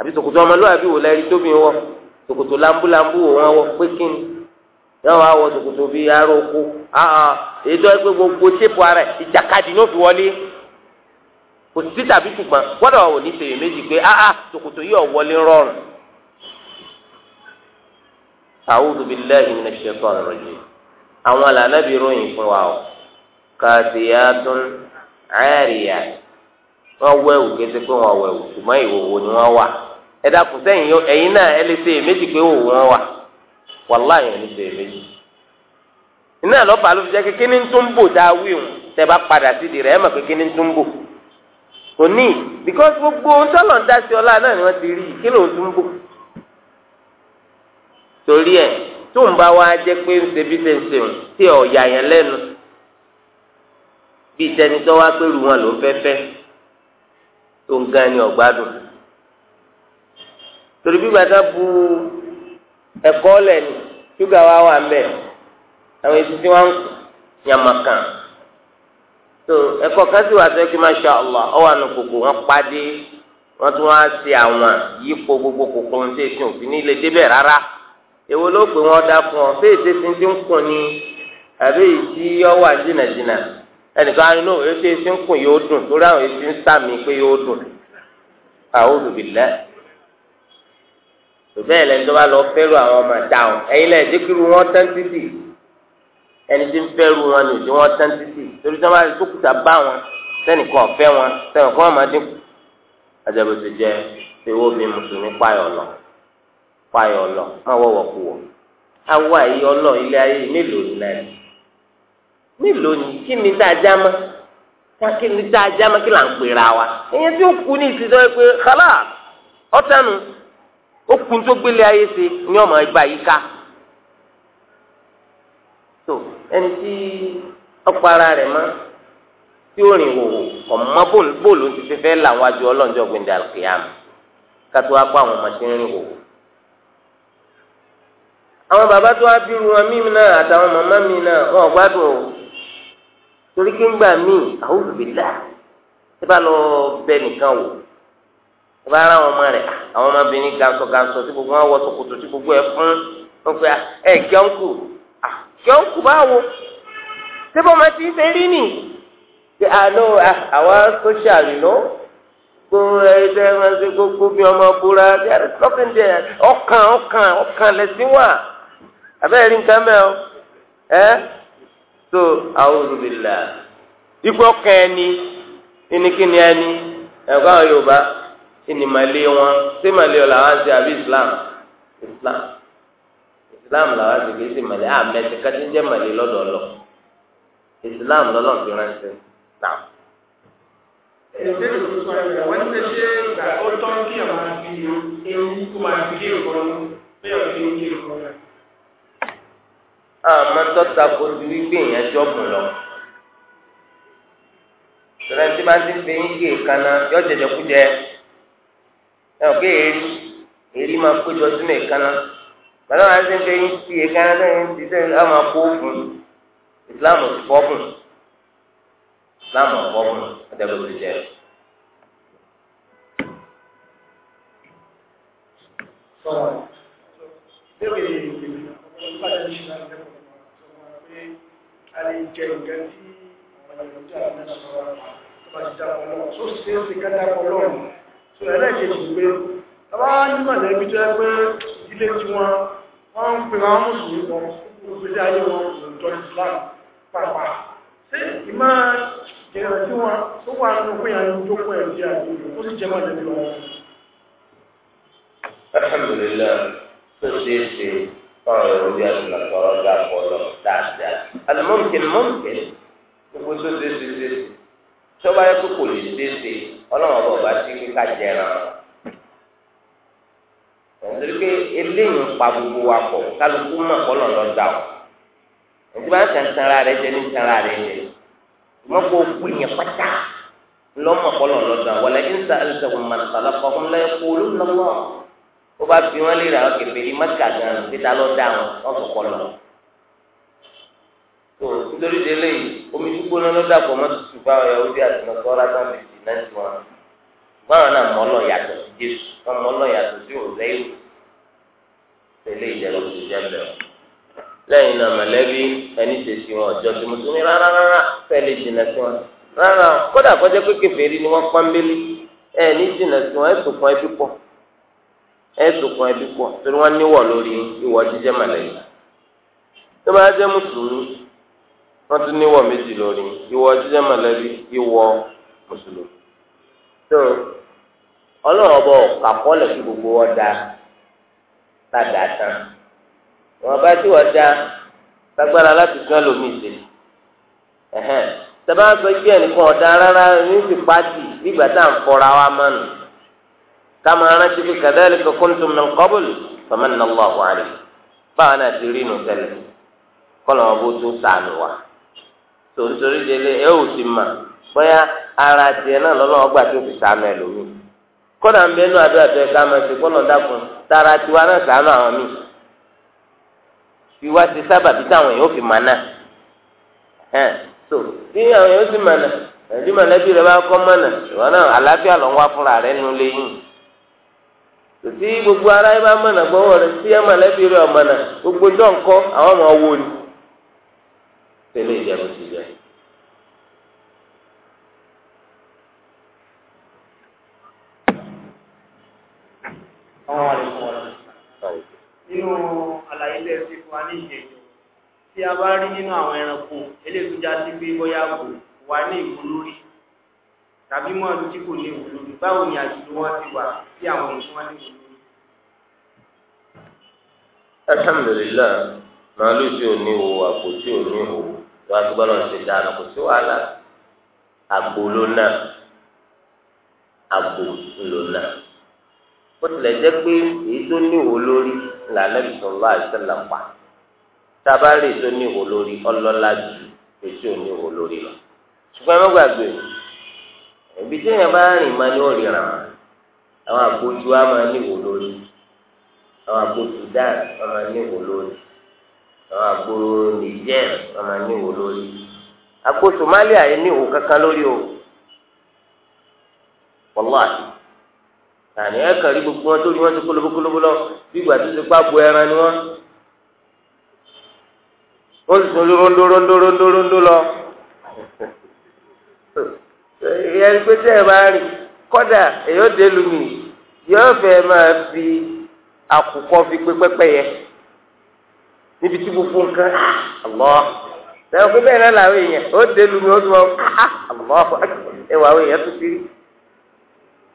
àbí ṣòkòtò ọmọlúwàbí wò lẹ́rìí tóbi wọ ṣòkòtò lambúlambú wò wọ́n wọ pé kí ni yóò wá wọ ṣòkòtò bíi aróko ètò ẹgbẹ́ gbogbo ṣépù ara ìjàkadì ní òfin wọlé. kò sí tàbí ṣùgbọ́n gbọdọ wò ní sèyí méjì pé áá ah, ah, tòkòtò yìí ọ̀wọ́lé rọrùn. A'udhu billahi minash shaitani rajim. àwọn alàlẹ́bí ròyìn fún wa o kàdíyàtún àríyá wọ́n wẹ̀wù kété pé wọ́n wẹ̀wù ṣùgbọ́n ìwòwò ni wọ́n wà. ẹ sẹ́yìn náà ẹ lè sèyí méjì pé òwò wọn wà wàláyé ní sèyí méjì. iná lọ́pàá ló fi jẹ́ kékeré bò dáa tẹ́ bá padà kò because gbogbo ohun tó lọ́n dá sí ọlá náà ni wọ́n ti rí kí ló ń tún bò torí ẹ̀ tó ń bá wa jẹ́ pé ń ṣe bí ṣe ń ṣe ń tí ọ̀yà yẹn lẹ́nu bíi tẹni tó wá pẹ̀lú wọn ló fẹ́fẹ́ tó ń gan ni ọ̀gbádùn torí bí gbàdá bu ẹ̀kọ́ lẹ̀ ní ṣúgà wa wà ń bẹ̀ àwọn èsì tí wọ́n ń yàmàkàn so ẹ̀kọ́ kẹsì wà sọ kí masha allah ọwọ àna kòkò wọn pàdé wọn tún wá sí àwọn yípo gbogbo kòkò ní sèṣin òfin ní ilé débẹ̀ rárá èwo ló pè wọn dá fún ọ ṣé èsì ti ń ti ń kùn ni àbí ìdí ọwọ àjìnàjìnà ẹnìkan àánú èsì ti ń kùn yóò dùn torí àwọn èsì ń sàmì pé yóò dùn a'udhu billah tòbẹ́ẹ̀ lẹ́ni tó bá lọ fẹ́rù àwọn ọmọ àtàwọn ẹ̀yin lẹ́ẹ̀dẹ́kìrú wọn tán títì. ẹni tí ń fẹ́rù wọn ni òjò wọn tán títì torí sábà ìsókùtà bá wọn sẹ́nìkan ọ̀fẹ́ wọn sẹ́nìkan ọ̀mà dínkù. ajabose jẹ ewo mi mùsùlùmí payọ̀ lọ má kú awọ ayé ọlọ ilé ayé mélòó ni náà mélòó ni kí ni tá a já mọ́ kí ni tá a já kí là ń tí ó kú ní ẹni tí ọ̀pọ̀ ara rẹ̀ mọ́ tí ó rìn wòwò ọ̀mọ́ bóòlù ti fẹ́ làwọn àjọ ọlọ́njọ́ gbẹ̀ndẹ̀ àlùkìyàm kátó wá pa àwọn ọmọ tí ń rìn wòwò. àwọn bàbá tó wá bírun wọn mímu náà àtàwọn màmá mi náà wọn ò gbádùn o torí kí ń gbà míì àwùjọ bìlá tí bá lọ bẹ nìkan wò tí bá ara àwọn ọmọ rẹ̀ àwọn ọmọbìnrin gansọ gansọ tí gbogbo wọn wọ ṣòkòtò tí gbogbo ẹ fún wọn pé ah, ẹ kí yọ̀ ń kú báwo ṣé bó ma ti ń ṣe rí nì ṣe àná àwa social nù kó ẹsẹ wọn ṣe gbogbo bí ọmọ búra lọ́kàn jẹ ọkàn ọkàn ọkàn lẹ́sìn wà abẹ́rẹ́ rí nǹkan mẹ́ o ẹ́ so a'udhu billah ikú ọkàn ẹni kíníkíní ẹni ẹ̀kọ́ àwọn Yorùbá ìnìmọ̀lẹ́ wọn ṣé màlẹ́ ọ̀ làwọn ṣe àbí Islam Islam. islam la àti kìí ṣe màlẹ àmẹsẹ kàtí ń jẹ màlẹ lọ́dọ̀ islam lọlọ fi ránṣẹ́ náà.
ìbéèrè tó sọ ti ṣe ìgbà ó tọ́ ewu lọ bí ẹ̀ tí
ti fi ń kí ìkànnà yọ jẹjẹkújẹ ẹ̀ ò kéèrí èrí máa kó jọ sínú bàtà wọn ṣe ń ṣe yín ti èké ẹni náà ń ṣiṣẹ́ ẹ máa kó fún islam ti bọ́ fún islam ti bọ́ fún ọ̀dẹ́gbẹ́ ti jẹ́.
Sọ̀rọ̀ ẹlẹ́kẹ̀ẹ́ ti gbé, ọba nígbà lẹ́bi tó yẹ pé ilé tí wọ́n wọ́n ń pè wọ́n mùsùlùmí wọn gbogbo ayé wọn lọ́jọ́ Islam pàápàá sí ìmá ìrìnà tí wọ́n tó wà nínú pé àwọn ìjókòó ẹ̀
alhamdulillah tó ṣe ṣe ṣe tí wọ́n bá yẹ kó kò lè ṣeé ṣe ọlọ́run ọba ọba tí kíkà jẹran nítorí pé eléyìí ń pa gbogbo wa pọ̀ kálukú mọ̀ kọ́lọ̀ lọ da o ìdúrà ń tàn tàn ara rẹ jẹ ní tàn ara rẹ jẹ wọn kò gbé yẹn pátá lọ́mọ kọ́lọ̀ lọ da wọlé ìnsà ìsẹ̀wọ̀n màtàlá kọ́kún lẹ́yìn
kúrú lọ́wọ́
ó bá fi wọn lè ra ọ kẹfẹ ní mẹ́ta gan títa lọ da wọn ọkọ̀ kọ́lọ̀ tó nítorí délé yìí omi gbígbóná ló dà pọ̀ mọ́tò tù bá ọ̀yà ó bí àtúnṣe ọ̀rá náà lè dì náà tù wọn. báwọn náà mọ ya yàtọ̀ sí jésù wọn mọ ọlọ yàtọ̀ sí òzẹyìn tẹ́lẹ̀ ìjẹlọ tó jẹ bẹ́ẹ̀ lẹ́yìn náà mọ̀lẹ́bí ẹni tẹsí wọn ọjọ́ tó mùsùlùmí rárá rárá tẹ́lẹ̀ jìnnà sí wọn rárá kódà kọjá pé ni wọn pọnbélé ẹ ní sí wọn kan ẹbí pọ̀ ẹsùn kan ẹbí pọ̀ torí wọn níwọ lórí ìwọ jíjẹ tó bá jẹ mùsùlùmí wọn lórí ìwọ jíjẹ ìwọ tó ọlọ́wọ́ bọ̀ kàkọ́lẹ̀ gbogbo wọn da tán wọn bá tí sagbara láti gbọ́n lómi ṣe ẹ̀hẹ́n sábà sọ yí ẹnìkan ọ̀dà rárá ní pàtì nígbà tá à ń fọra wa mọ́nu káma rántí fi kàdáàlì kankan tó mi kọ́bùlù fama nà wà wà báwọn náà ti rí inú bóyá ara tiẹ̀ náà lọ́nà nọ tó fi sànù ẹlòmí kódà ń bẹnu àdó àtọ ẹ̀ka máa ti kọ́nà tara tiwa náà àwọn míì tiwa ti sábà bí táwọn èèyàn fi mà náà tó bí àwọn ti mà náà mọ̀lẹ́bí rẹ bá kọ́ mọ̀nà ìwọ náà àlàáfíà lọ́ wá rẹ nu léyìn tòtí gbogbo ara yẹn bá mọ̀nà gbọ́wọ́ rẹ tí ẹ mọ̀lẹ́bí rẹ ọ̀mọ̀nà gbogbo jọ̀ǹkọ́ àwọn ọmọ wo ni tẹ́lẹ̀ ìjẹun ti
nínú àlàyé bẹ́ẹ̀ fi fún wa
ní ìṣẹ̀jọ tí a bá rí nínú àwọn ẹranko eléyìí já sí pé bóyá kò wà ní ìwúlórí tàbí mọ́ọ̀lù tí kò ní ìwúlórí báwo ni àjùlọ wọn ti wà sí
àwọn ìṣúná ní ìwúlórí.
alhamdulillah màálù tí ò ní o àpò tí ò ní o wàá tó bá lọ ṣe dáná kò sí wàhálà àgbo lànàbì sọlá àìsàn pa tábàárì tó ní ìwò lórí ọlọ́lá ju èsì òní ìwò lórí lọ. ṣùgbọ́n ẹ̀mọ́ gbàgbé ibi tí èèyàn bá rìn máa ní òrìrà àwọn àpòjù á máa ní ìwò lórí àwọn àpòjù dáà á máa ní ìwò lórí àwọn àpòjù nìjẹ́ á máa ní ìwò lórí àpò Somalia yìí ní ìwò kankan lórí o wọ́láì àní ẹ kàrí gbogbo wọn tó wọn ti kólóbó kólóbó lọ bí ìgbà tó ti pa bo ẹran ni wọn wọn sì tún róńdó róńdó róńdó róńdó lọ ìyá ẹni pé tẹ ẹ bá rìn kódà èyí ó dé lumi yóò fẹ́ máa fi àkùkọ fi pé pẹpẹ yẹ níbi tí gbogbo nǹkan àlọ sẹ́wọ́n pé bẹ́ẹ̀ náà làwọn èèyàn ó dé lumi ó tún wọn àlọ ẹwà àwọn èèyàn tó ti rí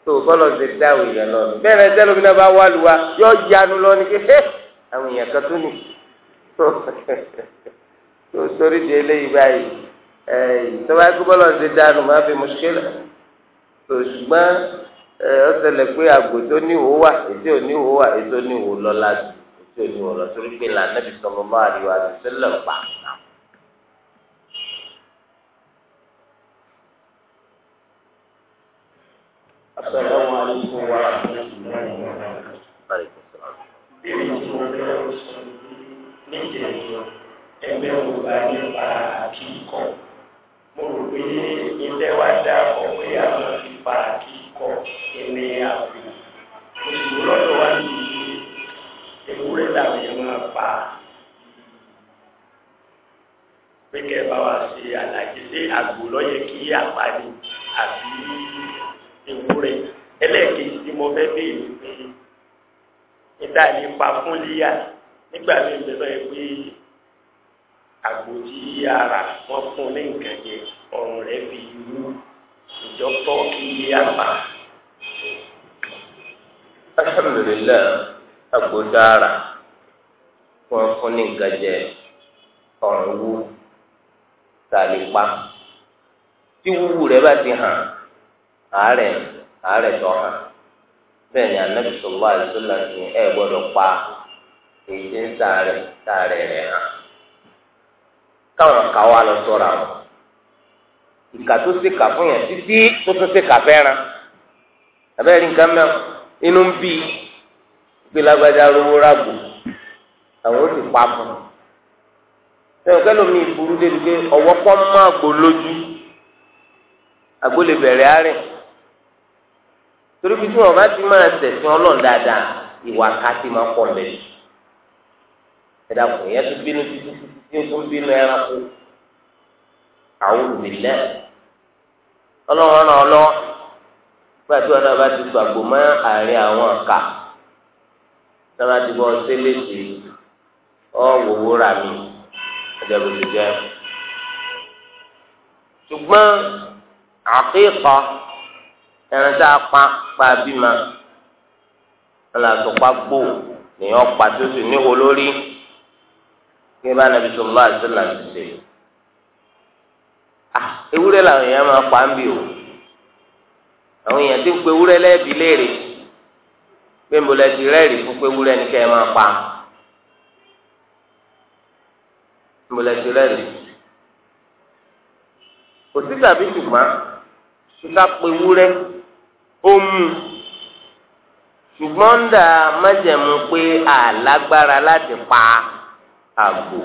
tó bọ́lọ̀ ṣe dá àwọn èèyàn lọ ní bẹ́ẹ̀ lẹ́sẹ̀ lómi náà bá wà lùwà yọ yanu lọ ní kéhe àwọn èèyàn kan tó nì tó sórí di eléyìí báyìí ẹ ìtọ́wá ẹgbẹ́ bọ́lọ̀ ṣe dá ànú máa fi mùṣkílà tó ṣùgbọ́n ẹ ọ ṣẹlẹ̀ pé àgbò tó ní ìwò wà ètò òní ìwò wà ètò òní ìwò lọ́la ètò òní ìwò lọ́ torí pé lànà bí sọmọ máa rí wa السلام عليكم ورحمة الله
وبركاته. عليكم السلام. ẹgbẹ́ òrùba nípa àkíkọ́ mo rò pé
ilé wa dá ọ pé àwọn ìpa àkíkọ́ ẹni àbò oṣù lọ́dọ̀ wa ní ìlú ewúrẹ́ làwọn èèyàn máa pa pé kẹ́ ẹ bá wa ṣe àlàyé sí àgbò lọ́yẹ kí àpá ni ewúrẹ́ ẹlẹ́ẹ̀kejì tí mo fẹ́ béèrè pé níta lè pa fún líyà nígbà tí ń bẹ̀rẹ̀ pé àgbòjì ara wọn fún ní nǹkan jẹ ọrùn rẹ̀ fi wú ìjọpọ̀ kí líyà pa. alhamdulilayi àgbòjì ara wọn fún ní nǹkan jẹ ọrùn wú tàlípa tí wúwú rẹ̀ bá ti hàn. àárẹ̀ àárẹ̀ tó hàn bẹ́ẹ̀ ni anabi sọlá ẹ pa èyí ń sàárẹ̀ sàárẹ̀ hàn káwọn lọ sọ́ra wọn ìkà tó ṣe kà fún yẹn títí tó tún ṣe kà fẹ́ràn abẹ́rẹ́ nǹkan mẹ́wọ́ inú ń bí rágbó àwọn sì pa fún un débi pé ọwọ́ pọ́n máa gbó torí bí tí wọn bá ti máa tẹsán Ọlọ́run dáadáa ìwà kàtí máa pọ̀ lẹ ẹ dàpọ̀ ìyẹn tó bínú títí tí ó tún bínú ẹranko àwọn olùmìlẹ Ọlọ́run ọ̀nà ọlọ nígbà tí wọn náà bá ti gbàgbọ́ mọ́ àárín àwọn ọ̀ka tí wọn bá ti bọ́ sẹ́lẹ̀sì ọ̀wọ̀wọ́ rà mí ẹ̀jẹ̀ bó ti jẹ́ ṣùgbọ́n àkíkọ́ ẹran tá a pa pa bímọ ọlọ́sọ̀pá gbò lèyàn pa tó sì níwò lórí kí bá nàbí sọlá àti sọlá ti sè é. Ah, ewúrẹ́ làwọn èèyàn máa pa ń bì o àwọn èèyàn ti ń pe ewúrẹ́ lẹ́ẹ̀bí léèrè pé mo lẹ ti rẹ́ẹ̀rì fún pé ewúrẹ́ ni kẹ́ ẹ máa pa mo lẹ ti rẹ́ẹ̀rì kò sí tàbí ṣùgbọ́n ká pe ewúrẹ́ ó mú ṣùgbọ́n ń dà májẹ̀mú pé àlágbára láti pa àgbò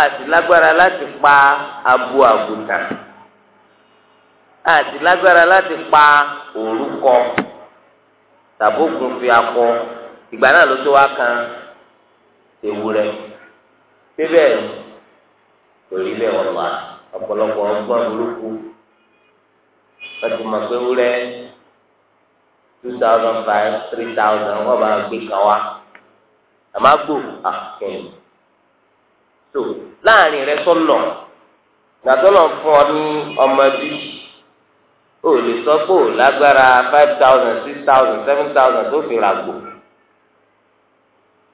àti lágbára láti pa abo àgùntàn àti lágbára láti pa òrúkọ tàbókun fi akọ ìgbà náà ló tó wá kan ewúrẹ́ síbẹ̀ torí bẹ́ẹ̀ wọ́n wá ọ̀pọ̀lọpọ̀ ọgbọ́n burúkú láti mọ̀ pé wúrẹ́ two thousand five three thousand wọ́n bá gbé kan wá àmọ́ àgbò àkẹ́yìn tó láàrin rẹ sọ́nà gbàtọ́nà fún ọ ní ọmọdé o lè sọ pé o lágbára five thousand six thousand seven thousand tó fi ràgbò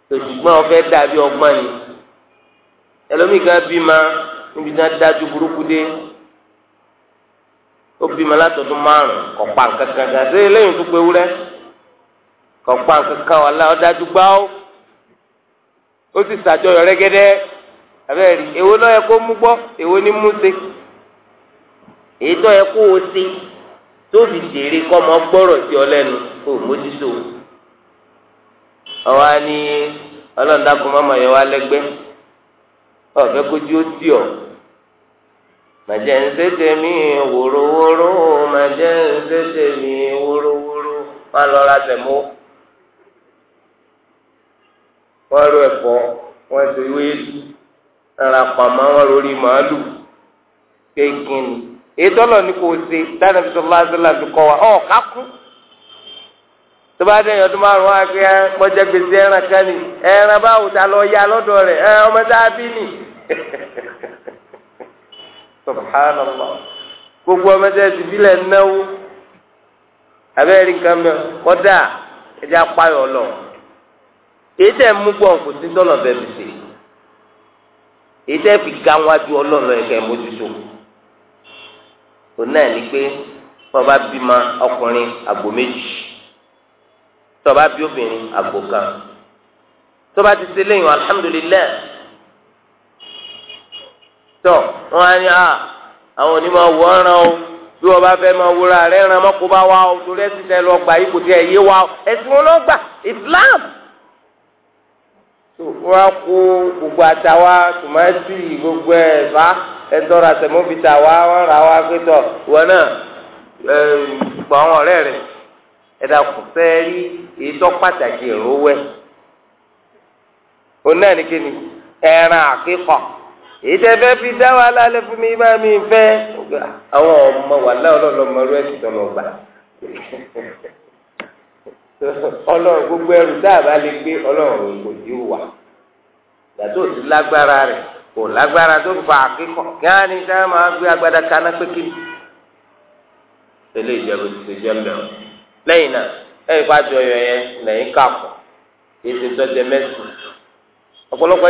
tòṣùgbọ́n ọ fẹ́ dàbí ọgbọ́n ni ẹlòmíì bí ma níbi tí wọ́n dájú burúkú dé ó bímọ látọdún márùn kọpa kankan kan ṣé eléyìí tó pé wúrẹ kọpa kankan wà lá ọdájú gbá ó ó sì ṣàjọyọ̀ rẹ́gẹ́dẹ́ abẹ́rẹ́ èwo náà yẹ kó mú gbọ́ èwo ní mú ṣe èyí tó yẹ kó o ṣe tó fi jèrè kọ́ ọmọ gbọ́rọ̀ sí ọ lẹ́nu kó o mójútó ọwọ́ á ní ọlọ́ọ̀dàkùn mọ́mọ́ yẹn wá lẹ́gbẹ́ ọ̀fẹ́ kójú ó sí ọ màjẹ̀ ń tètè mí wòrowòro màjẹ̀ ń tètè mí wòrowòro má lọ ra tẹ̀mó
wọ́n rú ẹ̀fọ́
wọ́n ti wéèlú ara pàmò wọn lórí màálù kékin ni ètò ọlọ́ọ̀ni kò ṣe dáná fi sọ́lá sọ́lá fi kọ́ wa ọ̀ ká kú tó bá dé ọdún márùn wá pé ẹ mọ́jẹ́ gbèsè ẹran kan ni ẹran báwo ta lọ ya lọ́dọ̀ rẹ̀ ẹ ọmọ tá a bí ni. subhanallah gbogbo ọmọdé ti bílẹ̀ náwó abẹ́rẹ́ nǹkan mẹ́ kọ́dà ẹ̀jẹ̀ apáyọ̀ lọ èyí tẹ̀ mú gbọ́ kò sí tọ́lọ̀ bẹ́ẹ̀ fi ṣe èyí tẹ̀ fi ga wájú ọlọ́run ẹ̀kẹ́ mójútó òun náà ni pé tọ́ba bímọ ọkùnrin àgbò méjì tọ́ba bí obìnrin àgbò kan tọ́ba ti ṣe lẹ́yìn alhamdulilayi tọ wọn á ní à àwọn onímọ̀ wọ ọ̀ràn o bí wọn bá fẹ́ máa wúra rẹ ràn mọ́ kó bá wa o torí ẹ̀sìn tẹ lọ gbà yìí tí ẹ yé wa o ẹ̀sìn wọn lọ gbà Islam wọn á kó gbogbo ata wa tòmátì gbogbo ẹ̀ bá ẹtọrọ àtẹmọbìtà wa wọn rà wá pé tọ wọn náà ẹ gbọ àwọn ọ̀rẹ́ rẹ ẹ̀dá kò fẹ́ rí èyí pàtàkì ìrówẹ́ onáà ní kíni ẹran àkíkọ̀. èyí tẹ fi dá wa lálẹ́ fún mi bá mi fẹ́ àwọn ọmọ wà lọ́lọ́lọ́ mọ̀rú ẹ̀sìn ọlọ́run gbogbo ẹrù tá a lè gbé ọlọ́run kò dí wà yàtọ̀ ti lágbára rẹ̀ kò lágbára tó ni sáà máa gbé agbada kaná pékin tẹ́lẹ̀ ti ṣe lẹ́yìn náà ẹ̀yìn ọyọ yẹn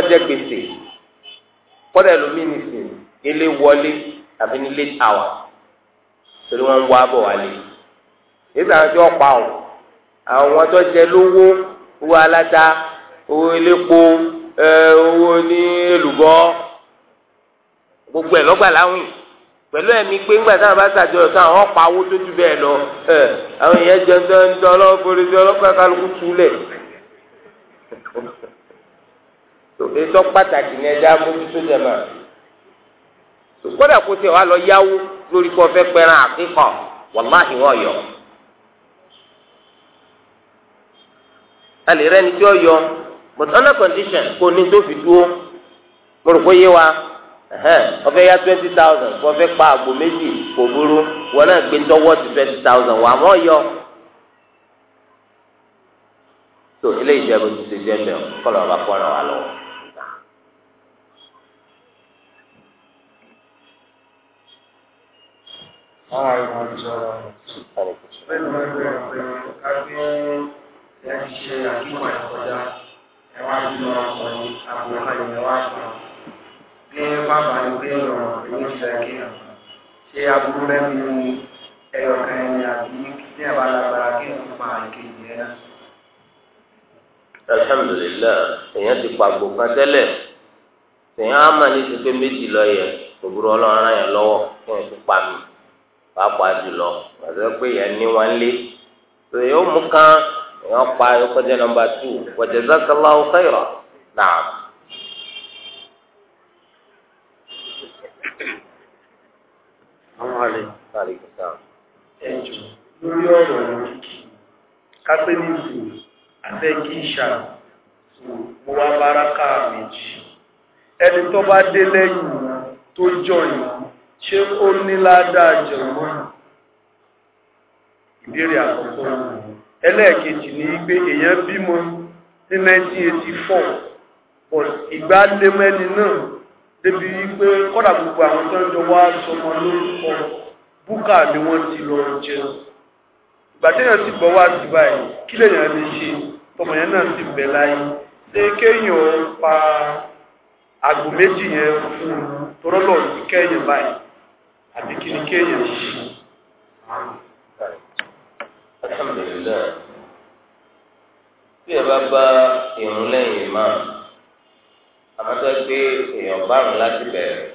lẹ́yìn kọ́dà lómi nìsín ilé wọlé àbí ní late hour torí wọ́n ń wá bọ̀ wálé èyí àwọn tí wọ́n pa ọ̀ àwọn tó jẹ lówó owó aláta owó elépo owó ní èlùbọ́ gbogbo ẹ̀ lọ́gbà láwìn pẹ̀lú ẹ̀mí pé ńgbà táwọn bá ṣàjọyọ̀ táwọn wọn pa owó tó ju bẹ́ẹ̀ lọ àwọn èèyàn jẹun tó ń dán ọlọ́wọ́ forí sí ọlọ́pàá kálukú túlẹ̀ tó ètò pàtàkì ní ẹja mójútó jẹmọ tó kódà kó tiẹ̀ wá lọ yáwó lórí kó fẹ́ pẹran àkíkọ wàláhì wọn yọ alẹ rẹ ni tí ó yọ but under condition kò ní tó fi dúró mo rò pé yé wa ọfẹ ya twenty thousand kò fẹ́ pa àgbò méjì kò burú wọn náà gbé tọwọ ti twenty thousand wà mọ yọ So eléyìí jẹ bó ti ṣe jẹ bẹ́ẹ̀ kọlọ ọba kọrin wà lọ́wọ́.
ṣe aburú lẹ́nu ẹ̀rọ kan ẹni àti ní ẹ̀bá lágbára kí n fa ìkejì ẹ̀ náà.
alhamdulilayi èèyàn ti pàgbò kan tẹ́lẹ̀ èèyàn á mà ní ti pé méjì lọ yẹ òbúrò ọlọ́run ara yẹn lọ́wọ́ fún ẹ̀kú pa mi. pàápàá jùlọ àti pé yẹn ní wọn lé ọ yóò mú kán èèyàn pa kọjá nọmba tù wa jazakallahu khayran naam.
ẹjọ lórí ọ̀rọ̀ mo wá bára méjì ẹni tó bá dé lẹ́yìn ṣé ó ní ládàá jẹ̀mọ́ ìbéèrè àkọ́kọ́ ẹlẹ́ẹ̀kejì ní pé èèyàn bímọ ní 1984 but ìgbà lémẹ́ni náà débi wípé kọ́dà gbogbo àwọn tó ń jọ wá sọmọ lórúkọ búkà ni wọ́n ti lọ jẹ ìgbà téèyàn sì gbọ́ wá sí báyìí kí lèèyàn lè ṣe tọmọ náà sì bẹ̀ láyé ṣé kéèyàn pa àgbò méjì yẹn fún un torọ́lọ̀ kẹ́yìn báyìí àti kí ni kéèyàn ṣe. alhamdulilayi
bí ẹ bá bá ìrún lẹ́yìn máa àmọ́tọ́ gbé èèyàn bárùn láti bẹ̀rẹ̀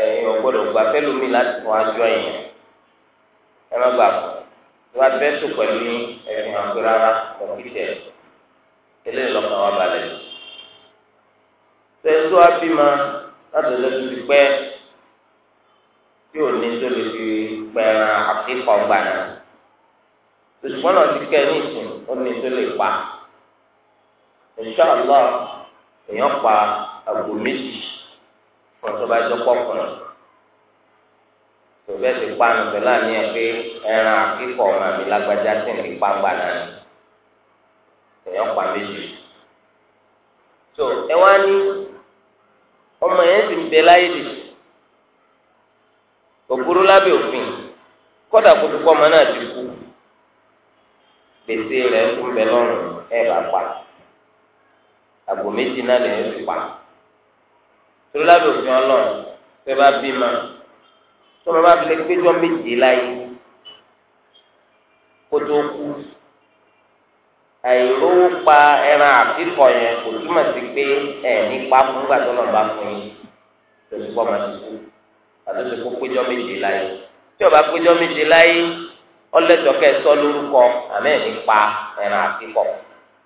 èèyàn gbọ́dọ̀ gba fẹ́lómi láti fún ajọ́ èèyàn ẹ má gbà fún wá bẹ́ẹ̀ tó pẹ̀lú yín ẹ̀yìn àgbẹ̀ rárá kọ̀m̀pútẹ̀ eléyìí lọ́kàn wá balẹ̀. sẹ́ńtọ́ abímọ látọ̀jọ́ tó ti pẹ́ tí ò ní tó lè fi pẹ̀ràn àfikọ̀ gbà náà ṣùgbọ́n náà ti kẹ́ ní ìsìn ó ní tó lè pa ìṣàlọ́ èèyàn pa àgbò méjì fún ọtọ́ bá jọ pọ̀kùnrin tòbẹ́ ti pa nù pẹ̀lú àníyàn pé ẹran àfikọ̀ ọ̀nà mi lágbájá sì ń fi gbà náà èèyàn pa méjì tó ẹ wá ní ọmọ yẹn ti ń bẹ láyé dìde òkúrú lábẹ́ òfin kódà kó kúkọ́ ọmọ náà ti kú gbèsè rẹ̀ ń bẹ lọ́rùn ẹ̀ bá pa àgbò méjì náà lè ń pa torí lábẹ́ òfin ọlọ́run tẹ́ bá bí ma tó ma bá fi lè péjọ méje láyé kó tó kú àìrówó pa ẹran àfikọ yẹn kò túmọ̀ sí pé ẹ̀ nípa fún gbàtọ́ náà bá fún yín tó ti ti kú àtúnṣe kó péjọ méje láyé tí ọba péjọ méje láyé ọlẹ́tọ̀ọ́kẹ́ sọ lórúkọ àmẹ́ nípa ẹ̀ràn àfikọ̀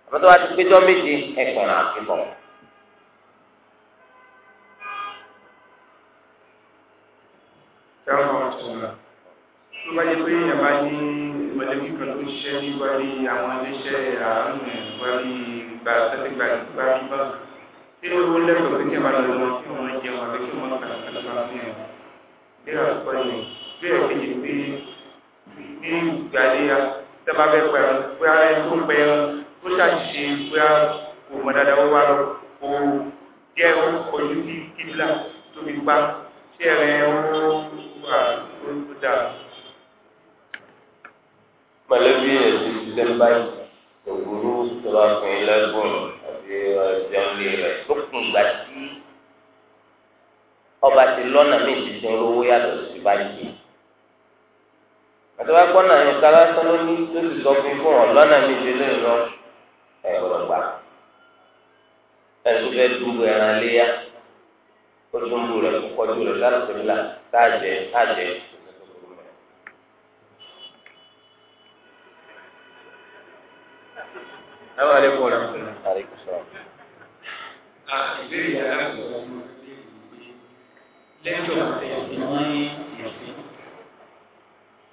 àmọ́tọ́ wa ti péjọ méje ẹ̀kọ̀ràn àfikọ̀.
tó bá yẹ pé èèyàn bá ní mọ̀lẹ́bí kan tó ń ṣiṣẹ́ ní wáyé àwọn iléeṣẹ́ àárín wáyé gba sẹ́tẹ̀gbà gba bíbá tí ó lẹ́tọ̀ọ́ pé kí ẹ bá lọ wọn kí wọ́n jẹun àbí kí wọ́n kàlàkàlà bá fi hàn nínú ọ̀sọ́ yìí bí ẹ̀ kéde pé ní ìgbàléyà sábà bẹ́ẹ̀ pẹ̀lú pé ara ẹni tó pẹ̀lú tó ṣàṣìṣe pé kò mọ̀ dáadáa wọ́n wá lọ kó jẹ́ ojú sí kíbílà tó fi pa sí ẹ̀rẹ̀ wà tó dáa. mọ̀lẹ́bí
ẹ̀ ti ṣiṣẹ́ báyìí òwúrú tó bá fún ilé ẹ̀gbọ́n àti ọjà ń lè rẹ̀ lókun ìgbà tí ọba ti lọ́nà mí ti sin olówó yàtọ̀ sí báńkì àtọ́wá gbọ́nà yẹn kálá sọ́nà ní tó ti sọ fún fún ọ lọ́nà mí ti lé lọ ẹ̀ gbọ́dọ̀ gbà ẹ̀sùn fẹ́ dùbò ẹ̀ràn léyà ó tún bù rẹ̀ kọjú rẹ̀ láti fi là táàjẹ́ táàjẹ́
lẹ́yìn tó bá wọ́n ní ẹ̀sìn.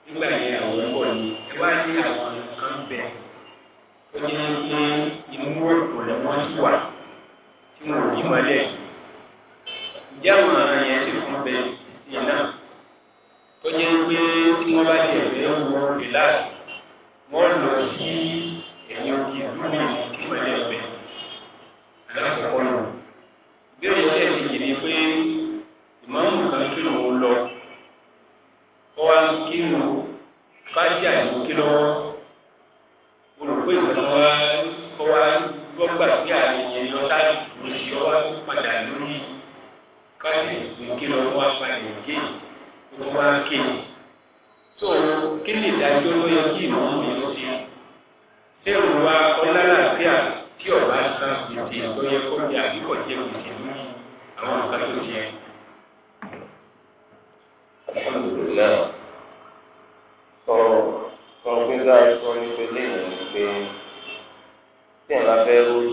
nígbà yẹn àwọn ń bọ̀ ní ẹ wá àwọn kan bẹ̀ ó ní ní imú ọ̀pọ̀ lẹ́wọ́n sí wà
tí wọ́n ò ní mọ́lẹ̀
báyà ló kí lọ́wọ́
olùkọ́ ìtàn wa kọ́ wa gbọ́gbà sí àlejò lọ láti lóṣì ọwọ́ padà lórí káyọ̀ ìpín kí lọ́wọ́ wa padà gé tó wá kéde.
tó kí ni ìdájọ́ ló yẹ kí ìmọ̀ mi ló
ṣe ṣé òwa ọlálàáfíà tí ọba san gbèsè tó yẹ kó bí àbíkọ̀ jẹ́ gbèsè lórí àwọn nǹkan tó ṣe. Alhamdulillah. através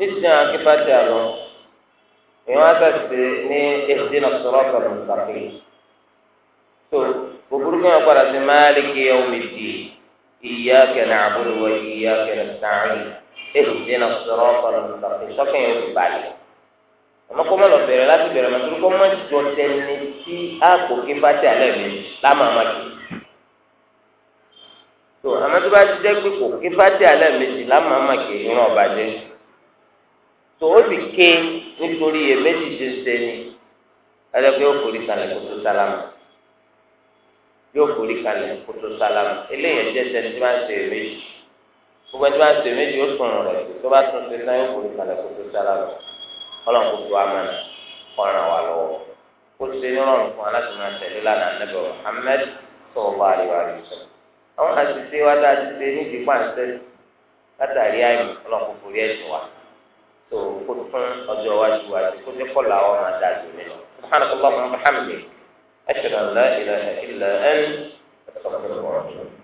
nísìnyí àwọn akẹ́kọ̀ọ́ ti àlọ́ èèyàn á sàṣe ní èsì náà sọ̀rọ̀ ọ̀sọ̀rọ̀ ìgbàgbé tó gbogbo kan padà sí máàlìkì yawmiddi iyyaka na'budu wa iyyaka nasta'in èsì náà sọ̀rọ̀ ọ̀sọ̀rọ̀ ìgbàgbé sọ́kàn yóò fi balẹ̀ àmọ́ kó má lọ bẹ̀rẹ̀ láti bẹ̀rẹ̀ mọ́ torí kó má jọ tẹni tí àpò kí bá tẹ alẹ́ mi lámàmá kì í tó àmọ́ tó bá jẹ́ pé kò kí bá tẹ alẹ́ mi sí lámàmá kì í ń tó o sì ké nítorí èméjì ṣe ń ṣe ni ẹlẹgbẹ́ yóò forí kalẹ̀ kó tó sálámù yóò forí kalẹ̀ kó tó sálámù eléyìí ẹjẹ sẹni tí wọn ṣe èméjì gbogbo ẹni tí wọn ṣe èméjì ó tún rẹ tó bá tún ṣe náà yóò forí kalẹ̀ kó tó sálámù Ọlọ́run kò tó amànà ọ̀ràn wà lọ́wọ́ kó tó ṣe ní Ọlọ́run fún aláṣẹ máa tẹ̀lé lánàá nẹbẹ Muhammad sọ̀rọ̀ bá àríwá rẹ sọ àwọn àṣìṣe wa dá àṣìṣe nídìí pàṣẹ látàrí àìmọ̀ Ọlọ́run kò forí ẹ̀ṣẹ̀ tó kó fún ọjọ́ iwájú àti kó jẹ́ kọ́ làwọn máa dà jù mí lọ. subhanahu wa ta'ala muhammed ashhadu an la ilaha illa anta astaghfiruka wa atubu ilayk